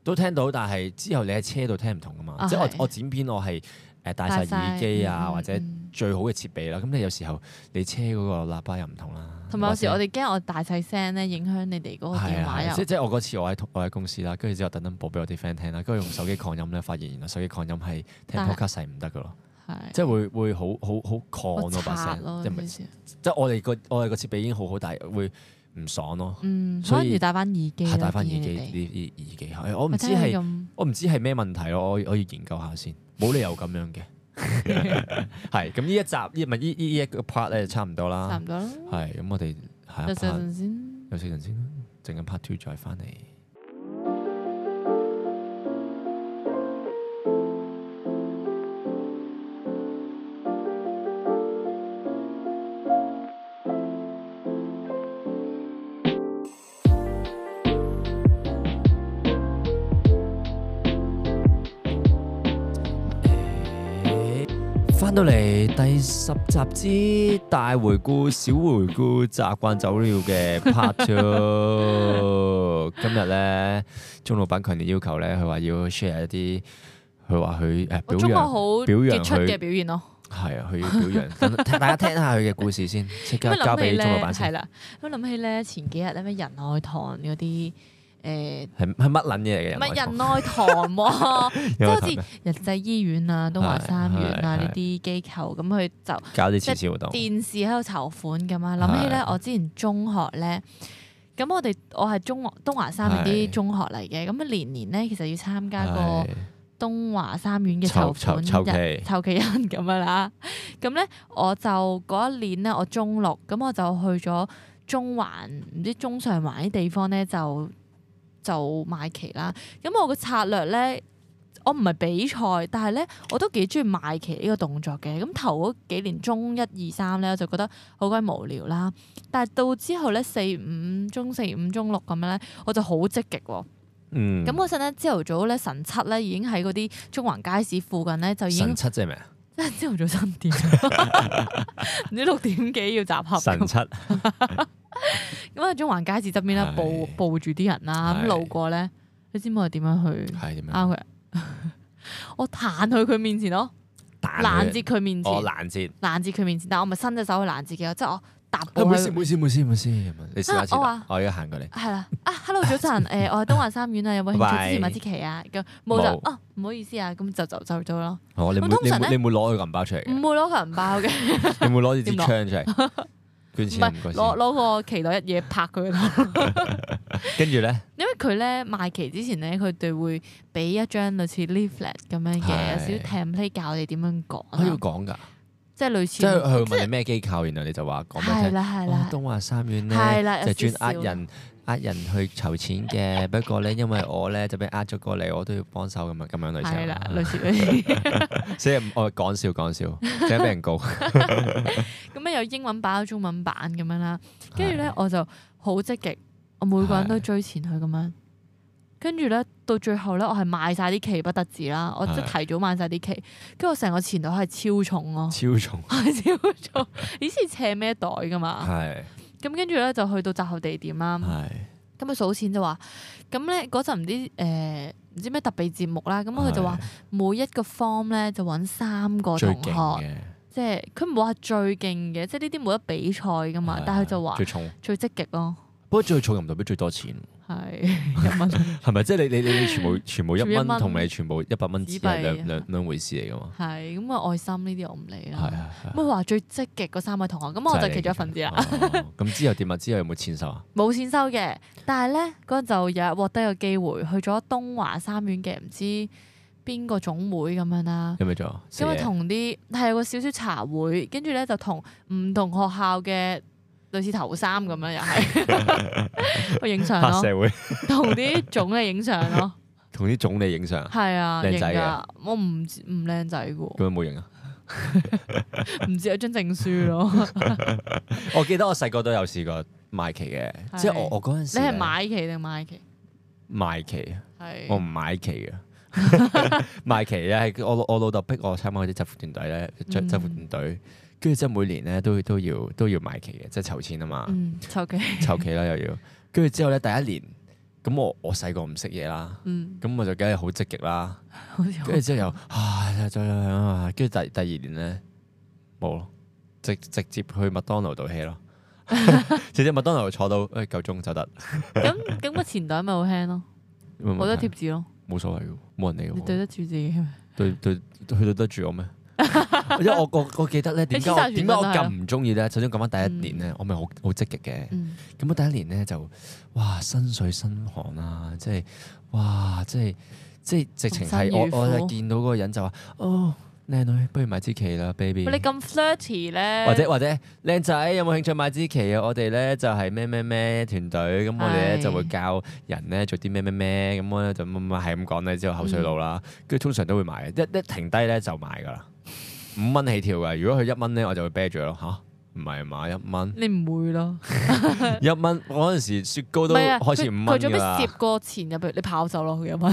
都聽到，但係之後你喺車度聽唔同噶嘛？啊、即我我剪片我，我係。誒戴曬耳機啊，或者最好嘅設備啦。咁你有時候你車嗰個喇叭又唔同啦。同埋有時我哋驚我大細聲咧影響你哋嗰個電話啊。即即我嗰次我喺我喺公司啦，跟住之後特登播俾我啲 friend 聽啦，跟住用手機擴音咧發現，原來手機擴音係聽 podcast 唔得噶咯。係即會會好好好擴把聲。即唔係我哋個我哋個設備已經好好，但係會唔爽咯。所以戴翻耳機，戴翻耳機呢啲耳機。我唔知係我唔知係咩問題咯，我我要研究下先。冇理由咁樣嘅， 係咁呢一集，呢咪依依一個 part 咧，就差唔多啦，差唔多啦。係咁，我哋下一 part 先，有四陣先，陣間 part two 再翻嚟。到嚟第十集之大回顧、小回顧、習慣就好了嘅 part two. 今。今日咧，鍾老闆強烈要求咧，佢話要 share 一啲，佢話佢誒表揚好表，表揚出嘅表現咯。係 啊，佢要表揚，大家聽下佢嘅故事先，即刻交俾鍾老闆先。係啦，咁諗起咧，前幾日咧，咩仁愛堂嗰啲。誒係係乜撚嘢嚟嘅？唔係仁愛堂喎，好似仁濟醫院啊、東華三院啊呢啲機構，咁佢就搞啲慈善活動，電視喺度籌款咁啊！諗起咧，我之前中學咧，咁我哋我係中東華三院啲中學嚟嘅，咁啊年年咧，其實要參加個東華三院嘅籌款籌籌期籌期人咁啊啦！咁咧我就嗰一年咧，我中六，咁我就去咗中環，唔知中上環啲地方咧就。就賣旗啦，咁我個策略咧，我唔係比賽，但係咧我都幾鍾意賣旗呢個動作嘅。咁頭嗰幾年中一二三咧，我就覺得好鬼無聊啦。但係到之後咧，四五中四五中六咁樣咧，我就好積極喎。嗯，咁嗰陣咧，朝頭早咧，晨七咧已經喺嗰啲中環街市附近咧就已經。朝頭早三 點，唔知六點幾要集合。神七。咁喺 中環街市側邊啦，布佈的住啲人啦，咁的路過咧，你知唔知我點樣去？係點樣？ 我彈去佢面前咯，攔截佢面前，攔去截，截，佢面前，但我咪伸隻手去攔截佢，即係我。唔好意思，唔好意思，唔好意思，唔好意思，你試下知我而家行過嚟。係啦，啊，Hello 早晨，誒，我係東華三院啊，有冇興趣支持賣旗啊？冇就哦，唔好意思啊，咁就就就咗咯。你通常冇攞佢銀包出嚟？唔會攞佢銀包嘅。你冇攞呢支槍出嚟捐錢攞攞個旗攞一嘢拍佢咯。跟住咧，因為佢咧賣旗之前咧，佢哋會俾一張類似 leaflet 咁樣嘅，有少 template 教我哋點樣講。佢要講噶？即係類似，即係佢問你咩機構，然後你就話講咩啫。我東華三院咧就專呃人、呃人去籌錢嘅。不過咧，因為我咧就俾呃咗過嚟，我都要幫手噶嘛，咁樣類似。係啦，類似類似。所以我講笑講笑，即刻俾人告。咁樣有英文版、中文版咁樣啦。跟住咧我就好積極，我每個人都追前去咁樣。跟住咧，到最後咧，我係賣晒啲旗不得止啦，的我即提早賣晒啲旗，跟住我成個錢袋係超重咯，超重， 超重，以前斜咩袋噶嘛，咁跟住咧就去到集合地點啦，咁啊的數錢就話，咁咧嗰陣唔知誒唔、呃、知咩特別節目啦，咁佢的就話每一個 form 咧就揾三個同學，即係佢冇話最勁嘅、就是，即係呢啲冇得比賽噶嘛，的但係佢就話最重、最積極咯，不過最重又唔代表最多錢。係一蚊，係咪即係你你你全部全部一蚊，同埋你全部一百蚊紙係兩兩,兩回事嚟噶嘛？係咁啊，那個、愛心呢啲我唔理啦。係啊，唔好話最積極嗰三位同學，咁我就其中一份子啦。咁、哦、之後點啊？之後有冇錢收啊？冇錢 收嘅，但係咧嗰陣就有一日獲得一個機會，去咗東華三院嘅唔知邊個總會咁樣啦。有冇做？因為，同啲係有個少少茶會，跟住咧就同唔同學校嘅。類似頭三咁樣又係，去影相咯，同啲總理影相咯，同啲 總理影相，係啊，靚、啊、仔嘅，我唔唔靚仔噶，咁有冇影啊，唔 知有張證書咯、啊， 我記得我細個都有試過賣旗嘅，是即係我我嗰陣時，你係買旗定賣旗？賣旗，係，我唔買旗啊。賣旗啊，係我我老豆逼我參加嗰啲制服團隊咧，着制服團隊。嗯跟住即係每年咧都都要都要買旗嘅，即係籌錢啊嘛，籌旗，籌旗啦又要。跟住之後咧，第一年咁我我細個唔識嘢啦，咁我就梗係好積極啦。跟住之後又，唉，再再咁啊。跟住第第二年咧，冇咯，直直接去麥當勞度 hea 咯，直接麥當勞坐到誒夠鐘就得。咁咁個錢袋，咪好輕咯，冇得貼紙咯，冇所謂嘅，冇人理我，你對得住自己。對對，佢對得住我咩？因我我我記得咧，點解我點解我咁唔中意咧？首先講返第一年咧，我咪好好積極嘅。咁我第一年咧就、 嗯、哇身水身汗啊，即係哇即係即係直情係我我見到嗰個人就話哦靚女，不如買支旗啦 baby。你咁 flirty 咧？或者或者靚仔有冇興趣買支旗啊？我哋咧就係咩咩咩團隊，咁、哎、我哋咧就會教人咧做啲咩咩咩，咁咧就乜乜係咁講咧，之後口水佬啦，跟住、嗯、通常都會買一一停低咧就買噶啦。五蚊起跳㗎，如果佢一蚊咧，我就會啤咗咯嚇。唔係買一蚊，你唔會咯？一 蚊，我嗰陣時雪糕都開始五蚊啦。佢做咩摺過錢入去？你跑走落佢一蚊，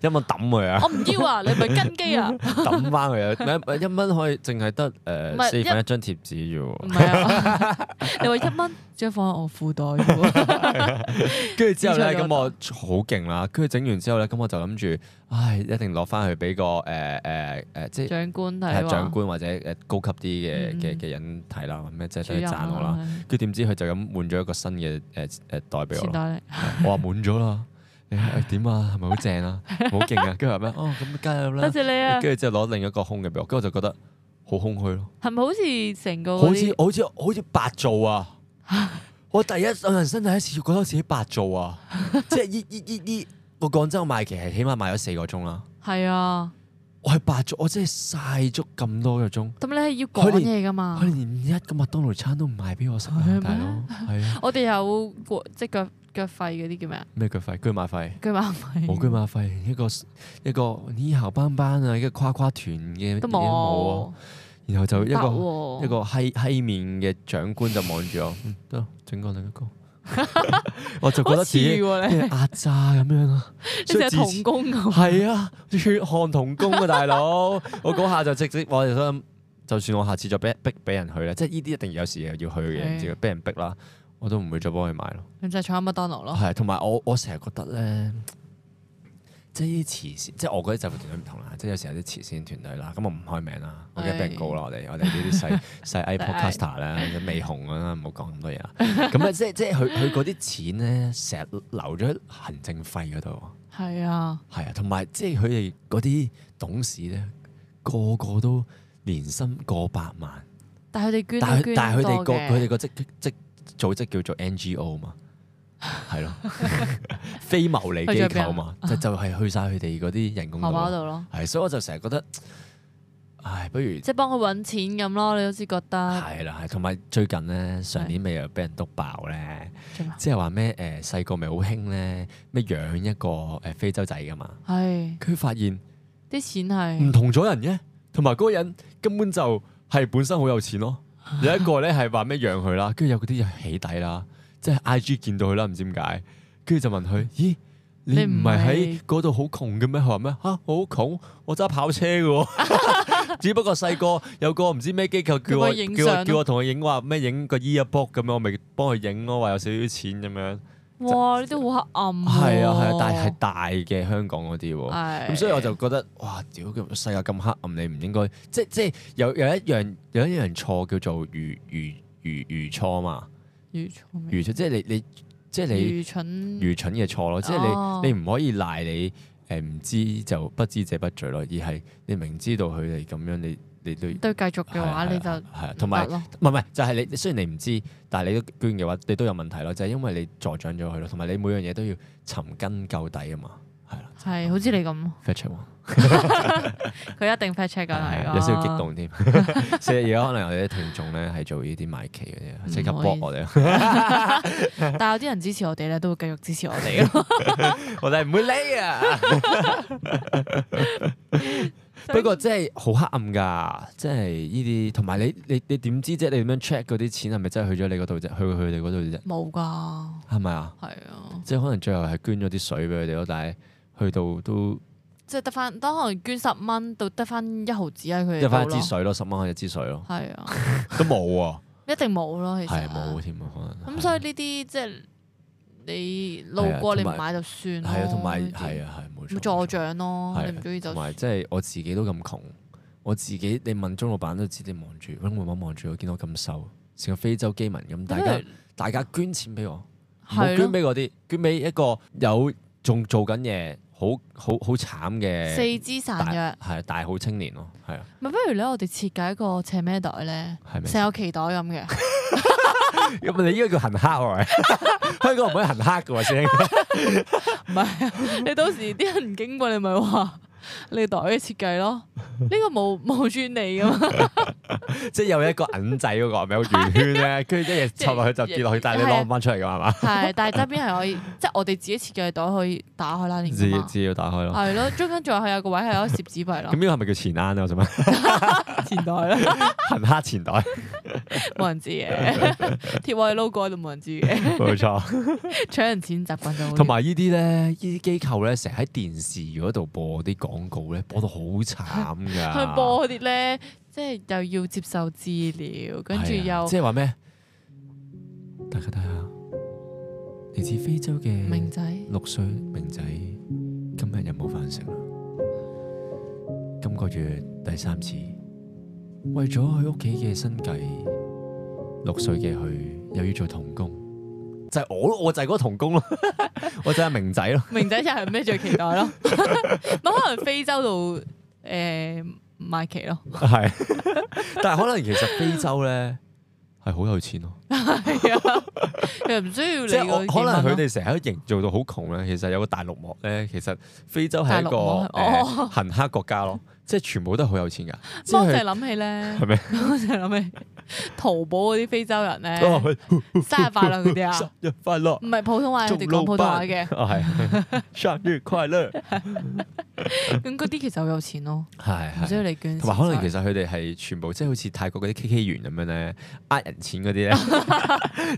一蚊抌佢啊！ 我唔要啊！你咪跟機啊！抌翻佢啊！一蚊可以淨係得誒四份一張貼紙啫喎。1，啊、 你話一蚊，即係放喺我褲袋。跟 住之後咧，咁我好勁啦。跟住整完之後咧，咁我就諗住，唉，一定落翻去俾個誒誒誒即係長官睇，長、呃、官或者高級啲嘅嘅嘅人睇啦。嗯咩即都讚我啦，跟住點知佢就咁換咗一個新嘅誒誒袋俾我咯。我話滿咗啦，你點啊？係咪好正啊？好勁啊！跟住話咩？哦，咁加油啦！多謝你啊！跟住之後攞另一個空嘅俾我，跟住我就覺得好空虛咯。係咪好似成個？好似好似好似白做啊！我第一，我人生第一次覺得自己白做啊！即係依依依依，我廣州賣旗係起碼賣咗四個鐘啦。係啊。我係白咗，我真係曬足咁多個鐘。咁你係要講嘢噶嘛？佢連，連一個麥當勞餐都唔賣俾我食大佬。係嗎啊，我哋有即腳腳費嗰啲叫咩啊？咩腳費？居馬費、哦？居馬費。冇居馬費一個一個耳後斑斑啊，一個跨跨團嘅都冇，然後就一個、啊、一個嘿嘿面嘅長官就望住我， 嗯，得，整個另一個。 我就覺得自己、喔、被壓榨咁樣咯，即係童工咁。係 啊，血汗童工啊，大佬！ 我嗰下就直接我就想諗，就算我下次再俾逼俾人去咧，即係呢啲一定有時要要去嘅，唔的知俾人逼啦，我都唔會再幫佢買咯。咁 嗯、就坐喺麥當勞咯。係，同埋我我成日覺得咧。即係啲慈善，即係我覺得就係團隊唔同啦。即係有時候啲慈善團隊啦，咁我唔開名啦，我俾人告落嚟， 我哋呢啲細細 i p o d c a、啊、s t e 未紅啊，唔好講咁多嘢啦。咁啊， 即係即係佢佢嗰啲錢咧，成日留咗喺行政費嗰度。係 啊，係啊，同埋即係佢哋嗰啲董事咧，個個都年薪過百萬。 但係佢哋捐，捐但，但佢哋個佢哋個組織叫做 NGO 嘛。係咯， 非牟利機構嘛，就就係去晒佢哋嗰啲人工度咯。係、啊，所以我就成日覺得，唉，不如即係幫佢搵錢咁咯。你好似覺得係啦，係同埋最近咧，上年咪又俾人督爆咧，即係話咩，誒，細個咪好興咧，咩、呃、養一個誒非洲仔噶嘛，係是。佢發現啲錢係是唔同咗人嘅，同埋嗰個人根本就係本身好有錢咯。有一個咧係話咩養佢啦，跟住有嗰啲起底啦。即係 IG 見到佢啦，唔知點解，跟住就問佢：咦，你唔係喺嗰度好窮嘅咩？佢話咩啊，好窮，我揸跑車嘅。 只不過，細個有個唔知咩機構叫我叫我同佢影，話咩影個 Ebook 咁樣，我咪幫佢影咯，話有少少錢咁樣。哇，呢啲好黑暗、啊。係啊係啊，但係大嘅香港嗰啲，咁、啊、所以我就覺得哇，屌世界咁黑暗，你唔應該，即即，即有有一樣有一樣錯叫做預預預預錯嘛。愚蠢，即係你你，即係你，愚蠢嘅錯咯。即係你、哦、你唔可以賴你，誒、呃、唔知就不知者不罪咯，而係你明知道佢哋咁樣，你你都都要繼續嘅話，啊啊啊、你就係啊，同埋唔係唔係，就係、是、你，雖然你唔知，但係你都捐嘅話，你都有問題咯，就係、是、因為你助長咗佢咯，同埋你每樣嘢都要尋根究底啊嘛。係，好似你咁。check 佢 一定 check 噶，有少少激動添。 所以而家可能有啲聽眾咧，係做呢啲賣旗嘅啲，即刻搏我哋。 但係有啲人支持我哋咧，都會繼續支持我哋。 我哋唔會匿啊！不過真係好黑暗噶，真係呢啲。同埋你你你點知即啫？你點樣 check 嗰啲錢係咪真係去咗你嗰度啫？去佢哋嗰度啫？冇噶。係咪啊？係啊。即係可能最後係捐咗啲水俾佢哋咯，但係。去到都即係得翻，都可能捐十蚊，到得翻一毫子喺佢得翻一支水咯，十蚊係一支水咯。係啊，都冇啊，一定冇咯。其實冇添啊，可能咁。所以呢啲即係你路過，你唔買就算咯。係啊，同埋係啊，係冇錯。助長咯，唔中意就。同埋即係我自己都咁窮，我自己你問鍾老板都直接望住，咁慢慢望住我，見到咁瘦，成個非洲飢民咁，大家大家捐錢俾我，我捐俾嗰啲，捐俾一個有仲做緊嘢。好好好慘嘅，四支散藥係大好青年咯，係啊。咪不如咧，我哋設計一個斜孭袋咧，成有期待咁嘅。咁 你依個叫行乞係、啊、 香港唔可以行乞嘅喎，先 。唔係你到時啲 人唔經過你咪話。你袋嘅設計咯，呢、這個冇冇專利噶嘛？即係有一個銀仔嗰個，係咪有圓圈咧，跟住一嘢插落去就跌落去，但係你攞唔翻出嚟噶嘛？係嘛是？係， 但係側邊係可以， 即係我哋自己設計嘅袋可以打開啦，你自己只要打開咯。係咯，中間仲係有個位係可以攝紙幣咯。咁 呢個係咪叫錢罌啊？做咩 前？錢袋啦，恆黑錢袋。冇人知嘅，貼 我個 logo 都冇人知嘅，冇錯沒錯。搶 人錢習慣咗。同埋呢啲咧，機構呢啲機構咧，成日喺電視嗰度播啲廣告咧，播到好慘噶。 播啲咧，即係又要接受治療，跟住、啊、又即係話咩？大家睇下，嚟自非洲嘅明仔，六歲明仔，今日有冇飯食啦。今個月第三次，為咗佢屋企嘅生計。六歲嘅佢又要做童工，就係我，我就係嗰個童工咯， 我就係明仔咯， 明仔就係咩最期待咯，咁 可能非洲度誒賣旗咯，係、呃， 但係可能其實非洲咧係好有錢咯，係 啊，又唔需要你可能佢哋成日都營造到好窮咧，其實有個大陸幕咧，其實非洲係一個陸、呃、行黑國家咯。即係全部都好有錢㗎，我淨係諗起咧，係咪，我淨係諗起淘寶嗰啲非洲人咧，生日快樂嗰啲啊，生日快樂，唔係普通話，我哋講普通話嘅，係，生日快樂，咁嗰啲其實好有錢咯，係，所以嚟捐，同埋可能其實佢哋係全部即係好似泰國嗰啲 K K 園咁樣咧，呃人錢嗰啲咧，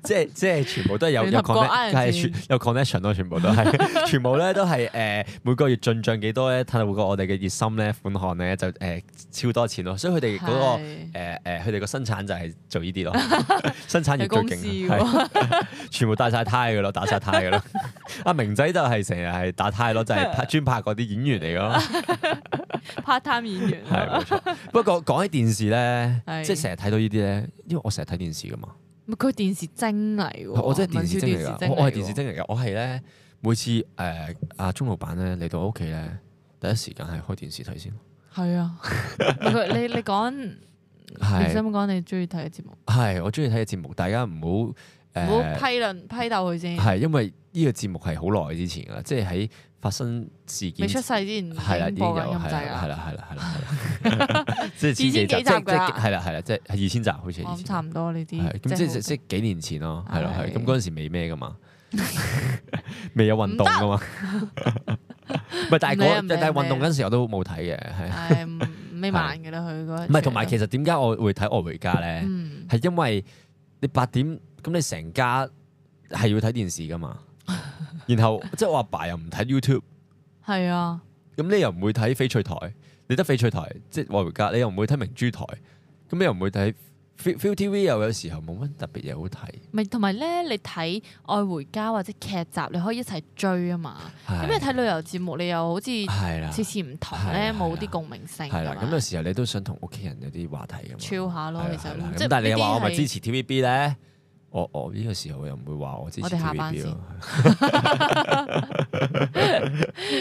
即係即係全部都係有有個咩，係有 connection 咯，全部都係，全部咧都係誒每個月進帳幾多咧，透過我哋嘅熱心咧款項。就誒超多錢咯，所以佢哋嗰個誒佢哋個生產就係做呢啲咯，生產業最勁，係全部打晒呔嘅咯，打晒呔嘅咯。阿明仔就係成日係打呔咯，就係專拍嗰啲演員嚟咯，part-time 演員。係冇錯。不過講起電視咧，即係成日睇到呢啲咧，因為我成日睇電視噶嘛。佢電視精嚟喎！我真係電視精嚟㗎，我係電視精嚟。我係咧每次誒阿鐘老闆咧嚟到屋企咧，第一時間係開電視睇先。係啊，你你講你想講你中意睇嘅節目。係我中意睇嘅節目，大家唔好唔好批論批鬥佢先。係因為呢個節目係好耐之前噶，即係喺發生事件未出世之前，係啦，已經有，播緊咁滯啊，係啦，係啦，係啦，係啦，即係千幾集嘅，係啦，係啦，即係二千集，好似差唔多呢啲。咁即係即係幾年前咯，係咯，係咁嗰陣時未咩噶嘛。未有運動噶嘛？唔係大個，但係運動嗰陣時候都冇睇嘅，係。係咪晚嘅啦？佢嗰陣。唔係，同埋其實點解我會睇《愛回家》咧？係因為你八點咁，你成家係要睇電視噶嘛？然後即係我阿爸又唔睇 YouTube，係啊。咁你又唔會睇翡翠台？你得翡翠台，即係《愛回家》，你又唔會睇明珠台？咁你又唔會睇？Feel TV 又有時候冇乜特別嘢好睇，咪同埋咧，你睇愛回家或者劇集，你可以一齊追啊嘛。咁你睇旅遊節目，你又好似次次唔同咧，冇啲共鳴性。係啦，咁有時候你都想同屋企人有啲話題咁樣 share 下咯。其實但係你又話我咪支持 TVB 咧？我我呢個時候又唔會話我支持 TVB。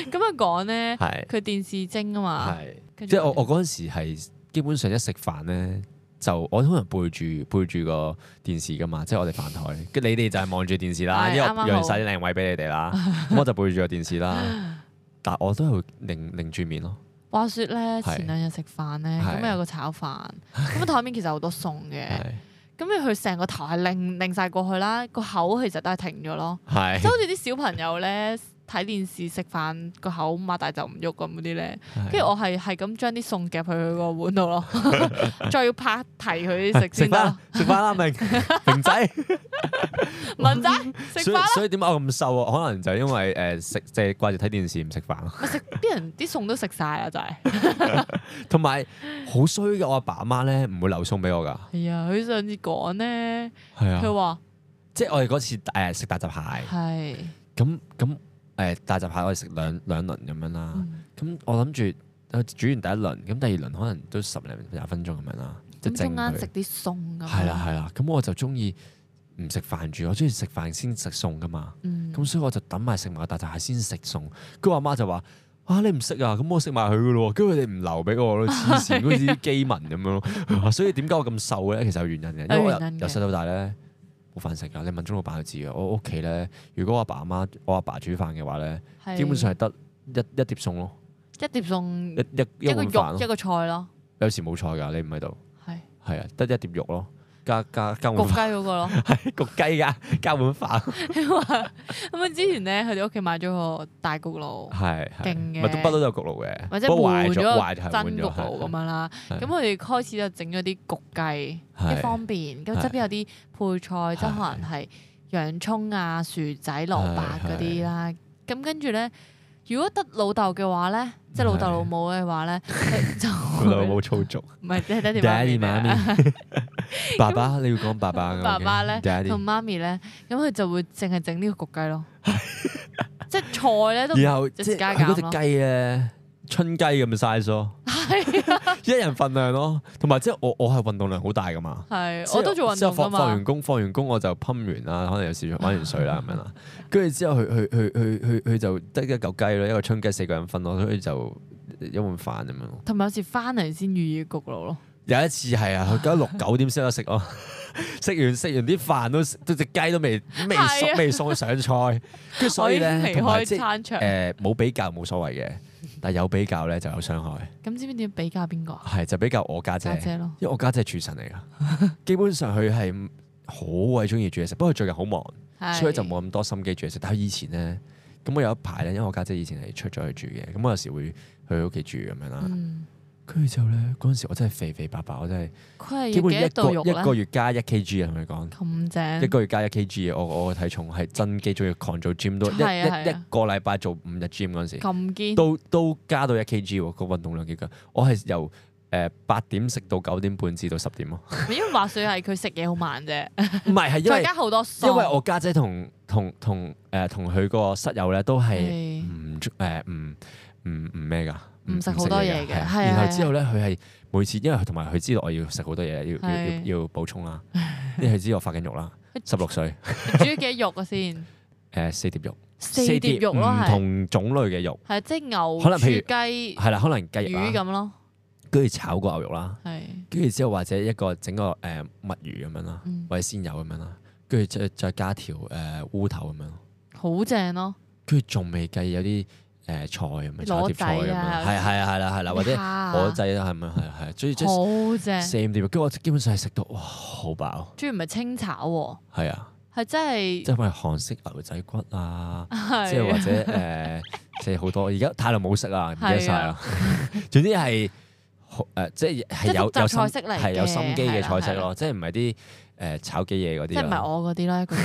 咁樣講咧，佢電視精啊嘛。即係我我嗰陣時係基本上一食飯咧。就我通常背住背住個電視㗎嘛，即係我哋飯台，你哋就係望住電視啦， 因為我讓晒啲靚位俾你哋啦，咁 我就背住個電視啦。但係我都係會擰擰住面咯。話說咧，前兩日食飯咧，咁是有個炒飯，咁台 面其實好多餸嘅，咁佢成個頭係擰擰晒過去啦，個口其實都係停咗咯，即係好似啲小朋友咧。睇電視食飯個口擘大就唔喐咁嗰啲咧，跟住我係係咁將啲餸夾去佢個碗度咯，再要拍提佢食食飯食飯啦 明明仔文 仔食飯所，所以所以點解我咁瘦啊？可能就因為誒食即係掛住睇電視唔食飯咯。食啲人啲餸都食晒啊！就係、係，同埋好衰嘅，我阿爸阿媽咧唔會留餸俾我㗎。係啊、哎，佢上次講咧，佢話是、啊、說即係我哋嗰次誒食、呃、大閘蟹，係咁咁。是誒、哎、大閘蟹我哋食兩兩輪咁樣啦，咁、嗯嗯、我諗住煮完第一輪，咁第二輪可能都十零廿分鐘咁樣啦，就、嗯嗯、中間食啲餸係啦係啦，咁我就中意唔食飯住，我中意食飯先食餸噶嘛。咁、嗯、所以我就等埋食埋大閘蟹先食餸。佢阿媽就話：啊你唔識啊，咁我食埋佢噶咯。跟住佢哋唔留俾我咯，黐線好似啲饑民咁樣咯。 所以點解我咁瘦咧？其實有原因係因為我由細到大咧。冇飯食噶，你問鐘老闆就知嘅。我屋企咧，如果我阿爸阿媽，我阿爸，爸煮飯嘅話咧，是基本上係得一一碟餸咯，一碟餸，一碟一,一個肉一個菜咯。菜咯，有時冇菜噶，你唔喺度，係係啊，得一碟肉咯。加加加碗飯焗雞嗰個咯，焗雞噶加碗飯。因為咁啊，之前咧佢哋屋企買咗個大焗爐，係勁嘅。唔都唔嬲都有焗爐嘅，或者換咗個真焗爐咁樣啦。咁佢哋開始就整咗啲焗雞，一方便。咁側邊有啲配菜，即係可能係洋葱啊、薯仔、蘿蔔嗰啲啦。咁跟住咧。如果得老豆嘅話咧，即係老豆老母嘅話咧，就老母操作，唔係即係爹哋，爸爸你要講爸爸，爸爸咧同媽咪咧，咁佢就會淨係整呢個焗雞咯，即係菜咧都即係加減咯。嗰隻雞咧，春雞咁 size 咯，一人份量咯，同埋即係我我係運動量好大噶嘛，係我都做運動啊嘛。放完工放完工我就噴完啦，可能有時玩完水啦咁樣啦。跟住之後，佢佢佢佢佢就得一嚿雞咯，一個春雞四個人分咯，所以就一碗飯咁樣。同埋有時翻嚟先預約焗爐咯。有一次係 啊，佢而家六九點先得食咯，食 完食完啲飯都都隻雞都未未熟未、啊、送上菜，跟住所以咧離開餐場冇、呃、比較冇所謂嘅，但係有比較咧就有傷害。咁知唔知點比較邊個啊？係 就比較我家姐，姐，家姐，姐因為我家姐廚神嚟噶， 基本上佢係好鬼中意煮嘢食，不過最近好忙。是所以就冇咁多心機煮嘢食，但係以前咧，咁我有一排咧，因為我家姐，姐以前係出咗去住嘅，咁我有時會去佢屋企住咁樣啦。跟住之後咧，嗰陣時我真係肥肥白白，我真係，基本一個一個月加一 K G 啊，同佢講。咁正。一個月加一 K G，我我體重係增肌仲要狂做 gym 都、啊、一一、啊、一個禮拜做五日 gym 嗰陣時。咁堅。都都加到一 K G 喎，個運動量幾勁，我係由。誒，八點食到九點半至到十點咯。唔知話說係佢食嘢好慢啫，唔係係因為加好多。因為我家姐同同同誒同佢個室友咧都係唔誒唔唔唔咩噶，唔食好多嘢嘅。然後之後咧佢係每次因為同埋佢知道我要食好多嘢，要要要補充啦。因為佢知道我發緊肉啦。十六歲，煮幾多肉先？誒，四碟肉，四碟肉咯，唔同種類嘅肉係，即係牛、豬、雞，係啦，可能雞、魚咁咯。跟住炒個牛肉啦，跟住之後或者一個整個誒墨魚咁樣啦，或者鮮魷咁樣啦，跟住再加條誒烏頭咁樣，好正咯！跟住仲未計有啲誒菜咁樣，炒碟菜咁樣，係係啊係啦係啦，或者火仔啦，係咪係係，所以好正。四五碟肉，跟住我基本上係食到哇，好飽。居然唔係清炒喎，係啊，係真係。即係咪韓式牛仔骨啊？即係或者誒即係好多，而家太耐冇食啊，唔記得晒啦。總之係。誒，即係有有菜式嚟嘅，係有心機嘅菜式咯，即係唔係啲誒炒幾嘢嗰啲。即係唔係我嗰啲咧？佢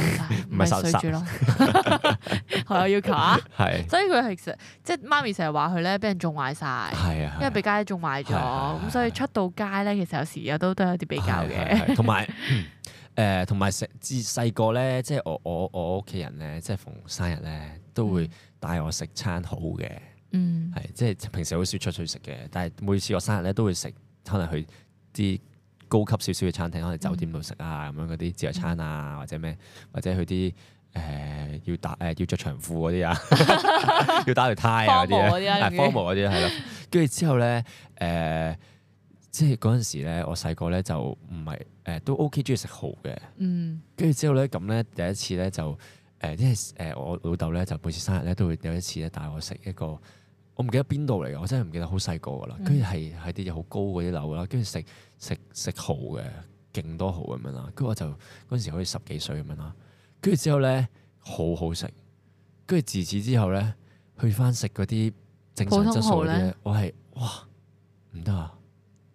唔係水煮咯，係啊！要求啊，係。所以佢其實即係媽咪成日話佢咧，俾人種壞晒，係啊。因為俾街仔種壞咗，咁所以出到街咧，其實有時也都都有啲比較嘅。同埋誒，同埋食自細個咧，即係我我我屋企人咧，即係逢生日咧，都會帶我食餐好嘅。嗯，係即係平時我都好少出去食嘅，但係每次我生日咧都會食，可能去啲高級少少嘅餐廳，嗯、可能酒店度食啊咁樣嗰啲自助餐啊，或者咩，或者去啲誒要打誒要着長褲嗰啲啊，要打條 tie 嗰啲啊，formal 嗰啲啦，跟住之後咧誒、呃，即係嗰陣時咧，我細個咧就唔係誒都 OK 中意食蠔嘅，跟住、嗯、之後咧咁咧第一次咧就誒、呃、因為誒我老豆咧就每次生日咧都會有一次咧帶我食一個。我唔記得邊度嚟嘅，我真係唔記得，好細個㗎啦，跟住係喺啲好高嗰啲樓啦，跟住食食食蠔嘅，勁多蠔咁樣啦，跟住我就嗰陣時好似十幾歲咁樣啦，跟住之後咧好好食，跟住自此之後咧去翻食嗰啲正常質素咧，我係哇唔得啊，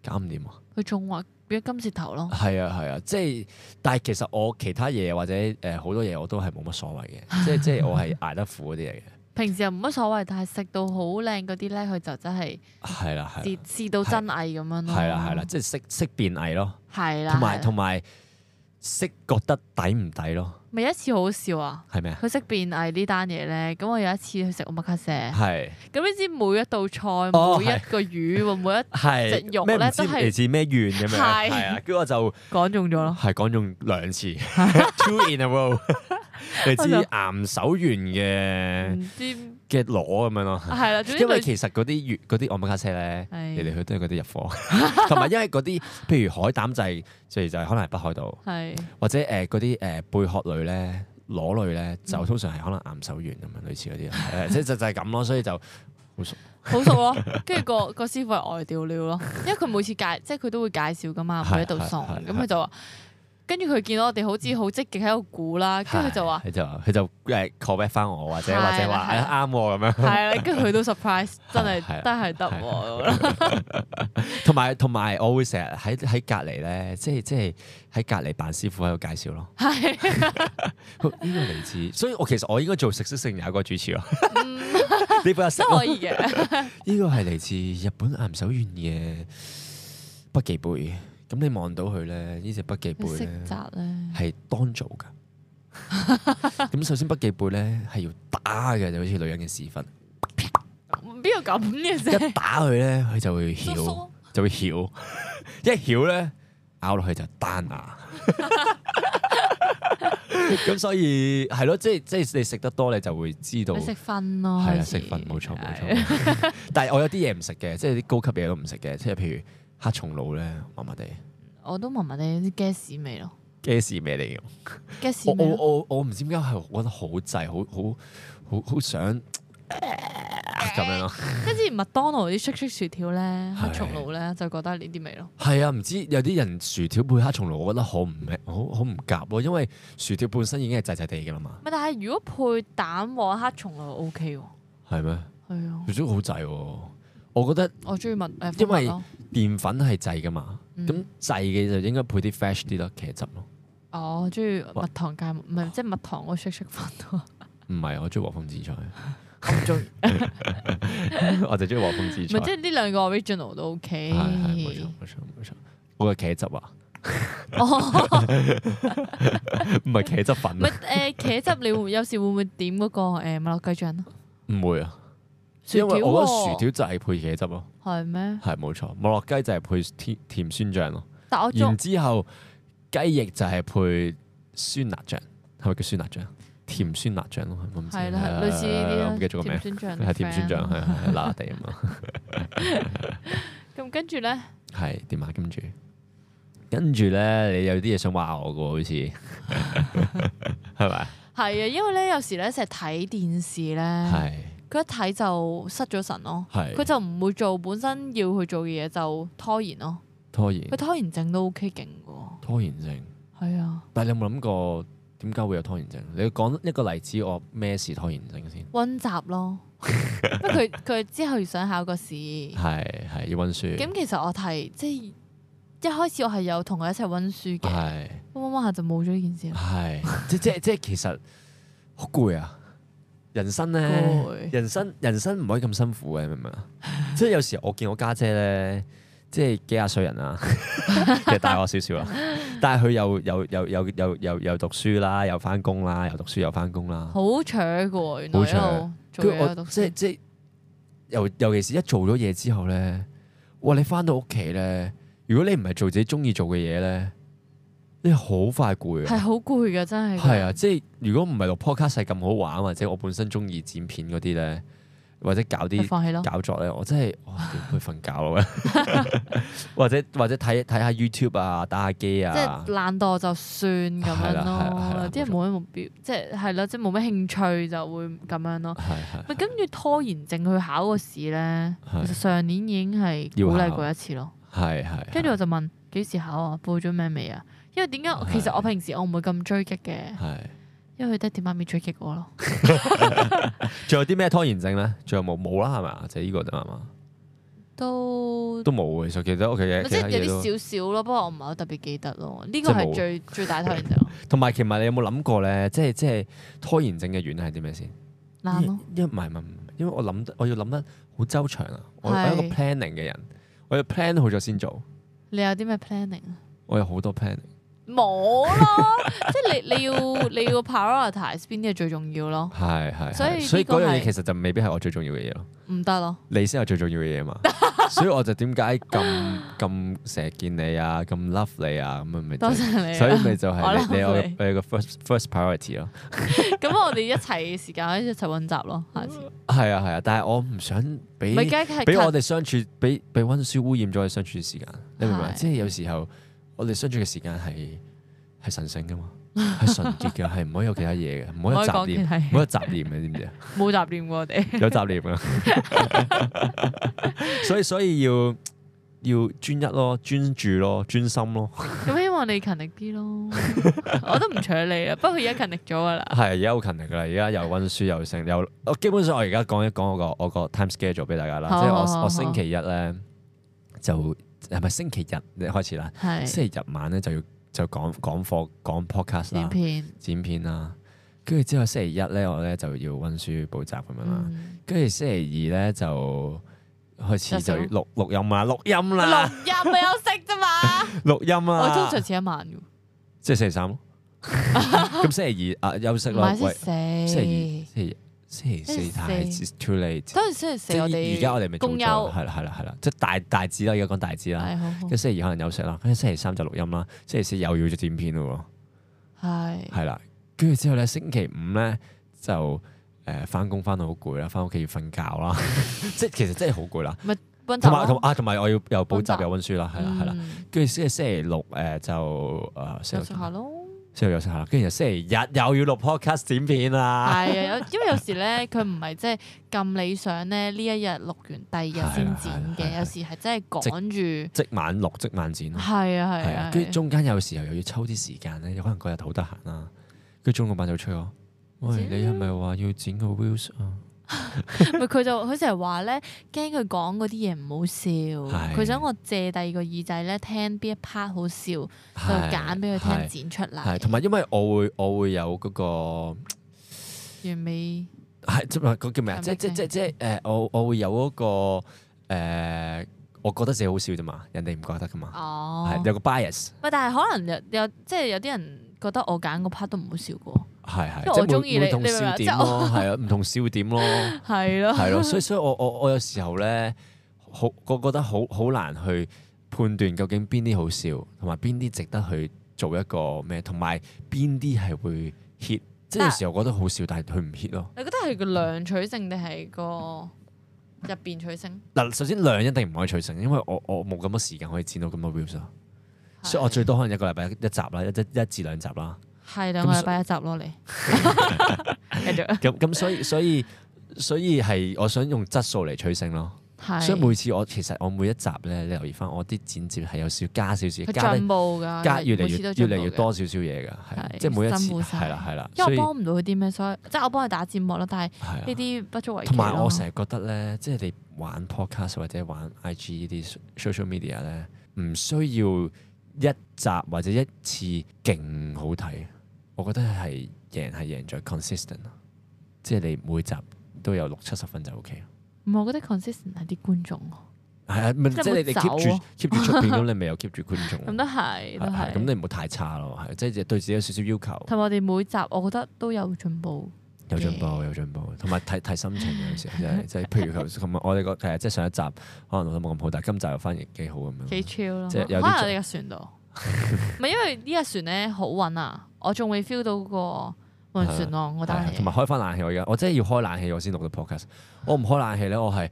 搞唔掂啊！佢仲話變咗金舌頭咯，係啊係啊，啊，即係但係其實我其他嘢或者誒好、呃、多嘢我都係冇乜所謂嘅， 即係即係我係捱得苦嗰啲嚟嘅。 平時又冇乜所謂，但係食到好靚嗰啲咧，佢就真係係啦，係啦，試到真偽咁樣咯。係啦係啦，即係識識辨偽咯。係啦，同埋同埋識覺得抵唔抵咯。咪一次好笑啊？係咩啊？佢識辨偽呢單嘢咧，咁我有一次去食麥卡蛇，係咁你知每一道菜、每一個魚、每一隻肉咧都係嚟自咩縣咁樣，係啊，跟住我就講中咗咯，係講中兩次，two in a row。類似岩手縣嘅嘅螺咁樣咯，係啦，因為其實嗰啲月嗰啲澳門卡車咧，你哋去都係嗰啲入貨，同埋因為嗰啲，譬如海膽就就係就係可能係北海道，係或者誒嗰啲誒貝殼類咧，螺類咧，就通常係可能岩手縣咁樣，類似嗰啲，即 就就係咁咯，所以就好熟，熟、啊，好熟咯，跟住個個師傅係外調料咯，因為佢每次介，即佢都會介紹噶嘛，佢喺度送，咁佢、啊、就話。 跟住佢見到我哋好似好積極喺度估啦，跟住佢就話佢 就佢就誒 call back 翻我或者或者話係啱咁樣，係啦，跟住佢都 surprise，的真係真係得喎。同埋同埋， 我會成日喺喺隔籬咧，即係即係喺隔籬扮師傅喺度介紹咯。係呢個嚟自，所以我其實我應該做食色性也個主持咯。 你本身可以嘅，呢 個係嚟自日本岩手縣嘅北記杯。咁、嗯、你望到佢咧，呢隻北極貝咧係當造㗎。咁、 嗯、首先北極貝咧係要打嘅，就好似女人嘅屎忽。邊個咁嘅啫？一打佢咧，佢就會翹，說說就會翹。 一翹咧咬落去就彈牙。咁 所以係咯，即係即係你食得多，你就會知道識分咯。係啊，識分對，冇錯冇錯。對 但係我有啲嘢唔食嘅，即係啲高級嘢都唔食嘅，即係譬如。黑松露咧，麻麻地，我都麻麻地，啲雞屎味咯，雞屎味嚟嘅， 我我我唔知點解係覺得好滯，好好好好想咁 樣咯。跟住麥當勞啲脆脆薯條咧，黑松露咧，就覺得呢啲味咯。係啊，唔知有啲人薯條配黑松露，我覺得好唔好好唔夾，因為薯條本身已經係滯滯地嘅啦嘛。但係如果配蛋黃黑松露 O K 喎，係咩嗎？係啊，佢煮好滯，我覺得我中意麥因為。因為澱粉係製噶嘛，咁製嘅就應該配啲 fresh 啲咯，茄汁咯。哦，我中意蜜糖芥，唔係即係蜜糖嗰啲食粉咯。唔係， 我中意和風紫菜。我中意，我就中意和風紫菜。唔係，即係呢兩個 original 都 OK。係， 冇錯冇錯冇錯。我嘅茄汁啊，唔 係 茄汁粉、啊，唔係誒，茄汁你有時會唔會點嗰個誒麥樂雞醬？唔會啊。因為我覺得薯條就係配茄汁咯，係咩？係冇錯，麥樂雞就係配甜酸醬咯。但係我然之後雞翼就係配酸辣醬，係咪叫酸辣醬？甜酸辣醬咯，我唔知啊。類似呢啲，我唔記得咗個名，酸醬係甜酸醬，係辣辣哋咁樣。咁跟住咧，係點啊？跟住跟住咧，你有啲嘢想話我嘅，好似係咪？係啊，因為咧有時咧成日睇電視咧，係。佢一睇就失咗神咯，佢就唔會做本身要去做嘅嘢，就拖延咯。拖延，佢拖延症都 OK 勁嘅喎。拖延症係啊，但係你有冇諗過點解會有拖延症？你講一個例子，我咩事拖延症先？溫習咯，不過佢佢之後想考個試，係係要溫書。咁其實我睇即係一開始我係有同佢一齊溫書嘅，溫溫下就冇咗呢件事啦。係即即即其實好攰啊。人生咧、哎，人生人生唔可以咁辛苦嘅，明唔明啊？ 即係有時我見我家姐咧，即係幾廿歲人啦、啊，即係大我少少啦，但係佢又又又又又又又讀書啦，又翻工啦，又讀書又翻工啦，好扯噶，原來冇錯。佢我即係即係，尤尤其是一做咗嘢之後咧，哇！你翻到屋企咧，如果你唔係做自己中意做嘅嘢咧。你好快攰啊！係好攰㗎，真係係啊！即係如果唔係錄 podcast 咁好玩，或者我本身中意剪片嗰啲咧，或者搞啲搞作咧，我真係點瞓覺啊？或者或者睇睇下 YouTube 啊，打下機啊，即係懶惰就算咁樣咯，即係冇乜目標，即係係咯，即係冇乜興趣就會咁樣咯。跟住拖延症去考個試咧？其實上年已經係鼓勵過一次咯。係係。跟住我就問幾時考啊？報咗咩未啊？因為點解？其實我平時我唔會咁追擊嘅，是因為佢爹哋媽咪追擊我咯。仲 有啲咩拖延症咧？仲有冇冇啦？係咪啊？就呢、這個啫嘛。是是都都冇嘅，其實其實屋企嘅，即係有啲少少咯。不過我唔係好特別記得咯。呢、就是這個係最最大拖延症。同埋，其實你有冇諗過咧？即係即係拖延症嘅原因係啲咩先？難咯了。因為唔係唔係唔係，因為我諗我要諗得好周詳啊！是我係一個 planning 嘅人，我要 plan 好咗先做。你有啲咩 planning？我有好多 planning。冇咯，即係你你要你要 prioritize 邊啲係最重要咯，係係，所以所以嗰樣嘢其實就未必係我最重要嘅嘢咯，唔得咯，你先係最重要嘅嘢嘛，所以我就點解咁咁成日見你啊，咁 love 你啊，咁啊咪，多謝你，所以咪就係你有你個 first priority 咯，咁我哋一齊時間一齊溫習咯，下次，係啊係啊，但係我唔想俾俾我哋相處，俾俾溫書污染咗我哋相處時間，你明唔明？即係有時候。我哋相聚嘅時間係係神聖噶嘛，係純潔嘅，係唔可以有其他嘢嘅，唔可以有雜念，唔可 以有雜念你知唔知啊？冇雜念喎，我哋有雜念啊，所以所以要要專一咯，專注咯，專心咯。咁 希望你勤力啲咯， 我都唔搶你啊。不過而家勤力咗噶啦，係而家好勤力噶啦。而家又温書又成又，我基本上我而家講一講我，我個我個 time schedule 俾大家啦，好好好即係我我星期一咧就。係咪星期日咧開始啦？是 星期日晚咧就要就,要就要講講課講 podcast 啦。剪片,剪片。啦，跟住之後星期一咧，我咧就要温書補習咁樣啦。跟住、嗯、星期二咧就開始就錄錄音啦，錄音啦。錄音咪休息啫嘛。錄音啊！我通常遲一晚嘅，即係星期三咯。咁星期二啊休息咯。喂，星期二。星期二。星期四太 too late，即係而家我哋咪仲有係啦係啦係啦，即係大大字啦，而家講大字啦。即係星期二可能休息啦，跟住星期三就錄音啦，星期四又要咗剪片咯喎。係啦，跟住之後咧星期五咧就誒返工返到好攰啦，返屋企要瞓覺啦，即係其實真係好攰啦。同埋同啊同埋我要又補習又溫書啦，係啦係啦。跟住即係星期六誒就啊之後又食下，跟住星期日又要錄 podcast 剪片啦。係啊，因為有時咧，佢唔係即係咁理想咧，呢一日錄完第二日先剪嘅。有時係真係趕住，即晚錄即晚剪咯。係啊係啊，跟住中間有時候又要抽啲時間咧，有可能嗰日好得閒啦。跟住中個版就催我：「喂，你係咪話要剪個 views 啊？」佢 就佢成日話咧，驚佢講嗰啲嘢唔好笑，佢的想我借第二個耳仔咧聽邊一 part 好笑，的就揀俾佢聽剪出嚟。係，同埋因為我會我會有嗰、那個完美係即係嗰叫咩啊？即即即即誒、呃，我我會有嗰個誒、呃，我覺得自己好笑啫嘛，人哋唔覺得噶嘛。哦，有個 bias。喂，但係可能有有即係有啲人。覺得我揀個 part 都唔好笑過，係係我鍾意唔同笑點咯，係啊唔同笑點咯，係咯係咯，所以所以我我我有時候咧，好我覺得好好難去判斷究竟邊啲好笑，同埋邊啲值得去做一個咩，同埋邊啲係會 hit，即係有時候覺得好笑，但係佢唔 hit 咯。你覺得係個量取勝定係個入邊取勝？嗱，首先量一定唔可以取勝，因為我我冇咁多時間可以剪到咁多 views 所以我最多可能一個禮拜一集啦，一一至兩集啦。係兩個禮拜一集咯，你。咁咁所以所以所以係我想用質素嚟取勝咯。所以每次我其實我每一集咧，你留意翻我啲剪接係有少加少少。加越嚟越越嚟越多少少嘢㗎，即係每一次係啦係啦，因為幫唔到佢啲咩，所以即係我幫佢打節目咯。但係呢啲不足為。同埋我成日覺得咧，即係你玩 podcast 或者玩 IG 呢啲 social media 咧，唔需要。一集或者一次勁好睇，我覺得係贏係贏在 consistent，即係你每集都有六七十分就 OK 唔係，我覺得 consistent 係啲觀眾。係啊，啊即係是 你哋 keep 住 keep 住出片咁，你咪有 keep 住觀眾啊。咁都係，咁你唔好太差咯，係即係對自己有少少要求。同埋我哋每集，我覺得都有進步。有進步，有進步，同埋睇睇心情有時真即係譬如同埋我哋個係即係上一集可能錄得冇咁好，但係今集又翻嚟幾好咁樣。幾超咯！即係可能係呢個船度，唔係 因為呢個船咧好穩啊，我仲未 feel 到個暈船浪咯、啊吧。我打同埋開翻冷氣我而家，我真係要開冷氣錄 cast, 對我先錄到 podcast。我唔開冷氣咧，我係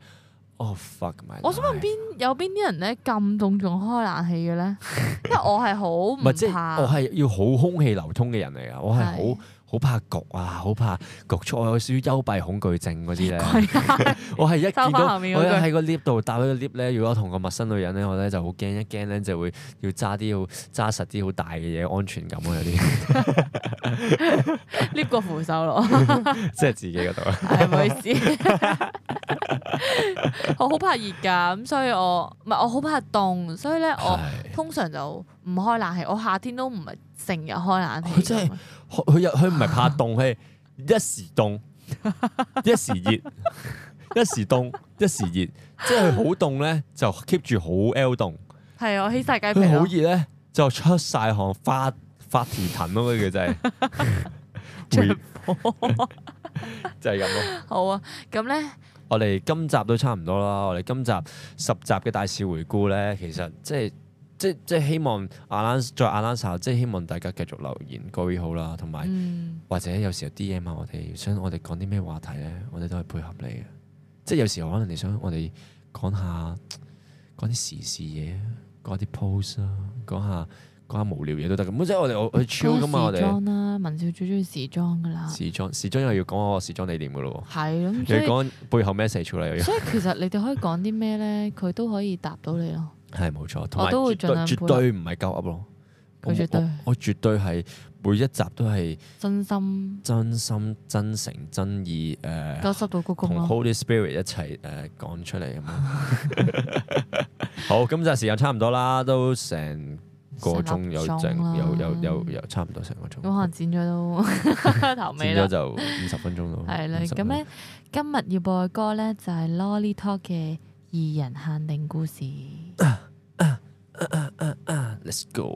o、oh, 我想問邊有邊啲人咧咁凍仲開冷氣嘅咧？ 因為我係好唔怕，我係要好空氣流通嘅人嚟噶，我係好。是好怕焗啊！好怕焗出啊！我屬於幽閉恐懼症嗰啲咧。嗯、 我係一見到 面我喺個 lift 度搭咗個 lift 咧，如果同個陌生女人咧，我咧就好驚，一驚咧就會要揸啲好揸實啲好大嘅嘢，安全感啊啲 lift 個扶手攞， 即係自己度啊！唔、 哎、好意思。 我好怕熱噶，咁所以我唔係，我好怕凍，所以咧我通常就唔開冷氣。我夏天都唔係成日開冷氣。佢真係佢又佢唔係怕凍，佢係、啊、一時凍，一時熱， 一時凍，一時熱。即係好凍咧，就 keep 住好 l 凍。係啊，起晒街，好熱咧，就出晒汗，發發條藤咯，佢就係。出波就係咁咯。好啊，咁咧。我哋今集都差唔多啦，我哋今集十集嘅大事回顧呢，其實即係即即希望 Alex 再 Alex 下希望大家繼續留言，句於好啦，同埋、嗯、或者有時候 DM 下，我哋想我哋講啲咩話題呢？我哋都係配合你嘅，即係有時候可能你想我哋講下講啲時事嘢，講啲 pose 啊，講下。講下無聊嘢都得咁，即係我哋我去超噶嘛我哋。啦，文少最中意時裝噶啦。時裝時裝，又要講下我時裝理念噶咯。係咁，你講背後咩 message 嚟？所以其實你哋可以講啲咩咧，佢都可以答到你咯。係冇錯，我都會盡量背。絕對唔係鳩噏咯，我絕對，我絕對係每一集都係真心、真心、真誠、真意誒，交到谷谷同 Holy Spirit 一齊誒講出嚟咁啊！好，咁就時間差唔多啦，都成個鐘有剩，又又又又差唔多成個鐘，嗯。可能剪咗都頭尾剪咗就五十分鐘咯。係啦 了，咁咧今日要播嘅歌咧就係、是、Lolly Talk 嘅二人限定故事。啊啊啊啊啊、Let's go.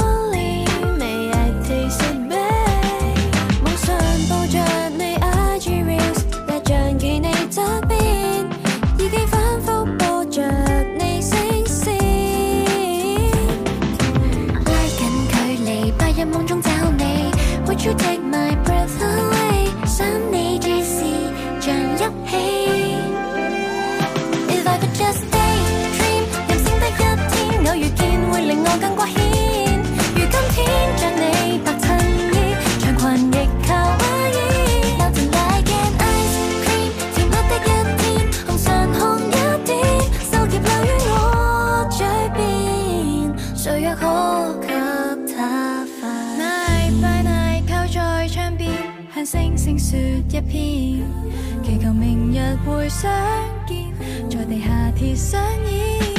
說一遍，祈求明日會相見，在地下鐵上演。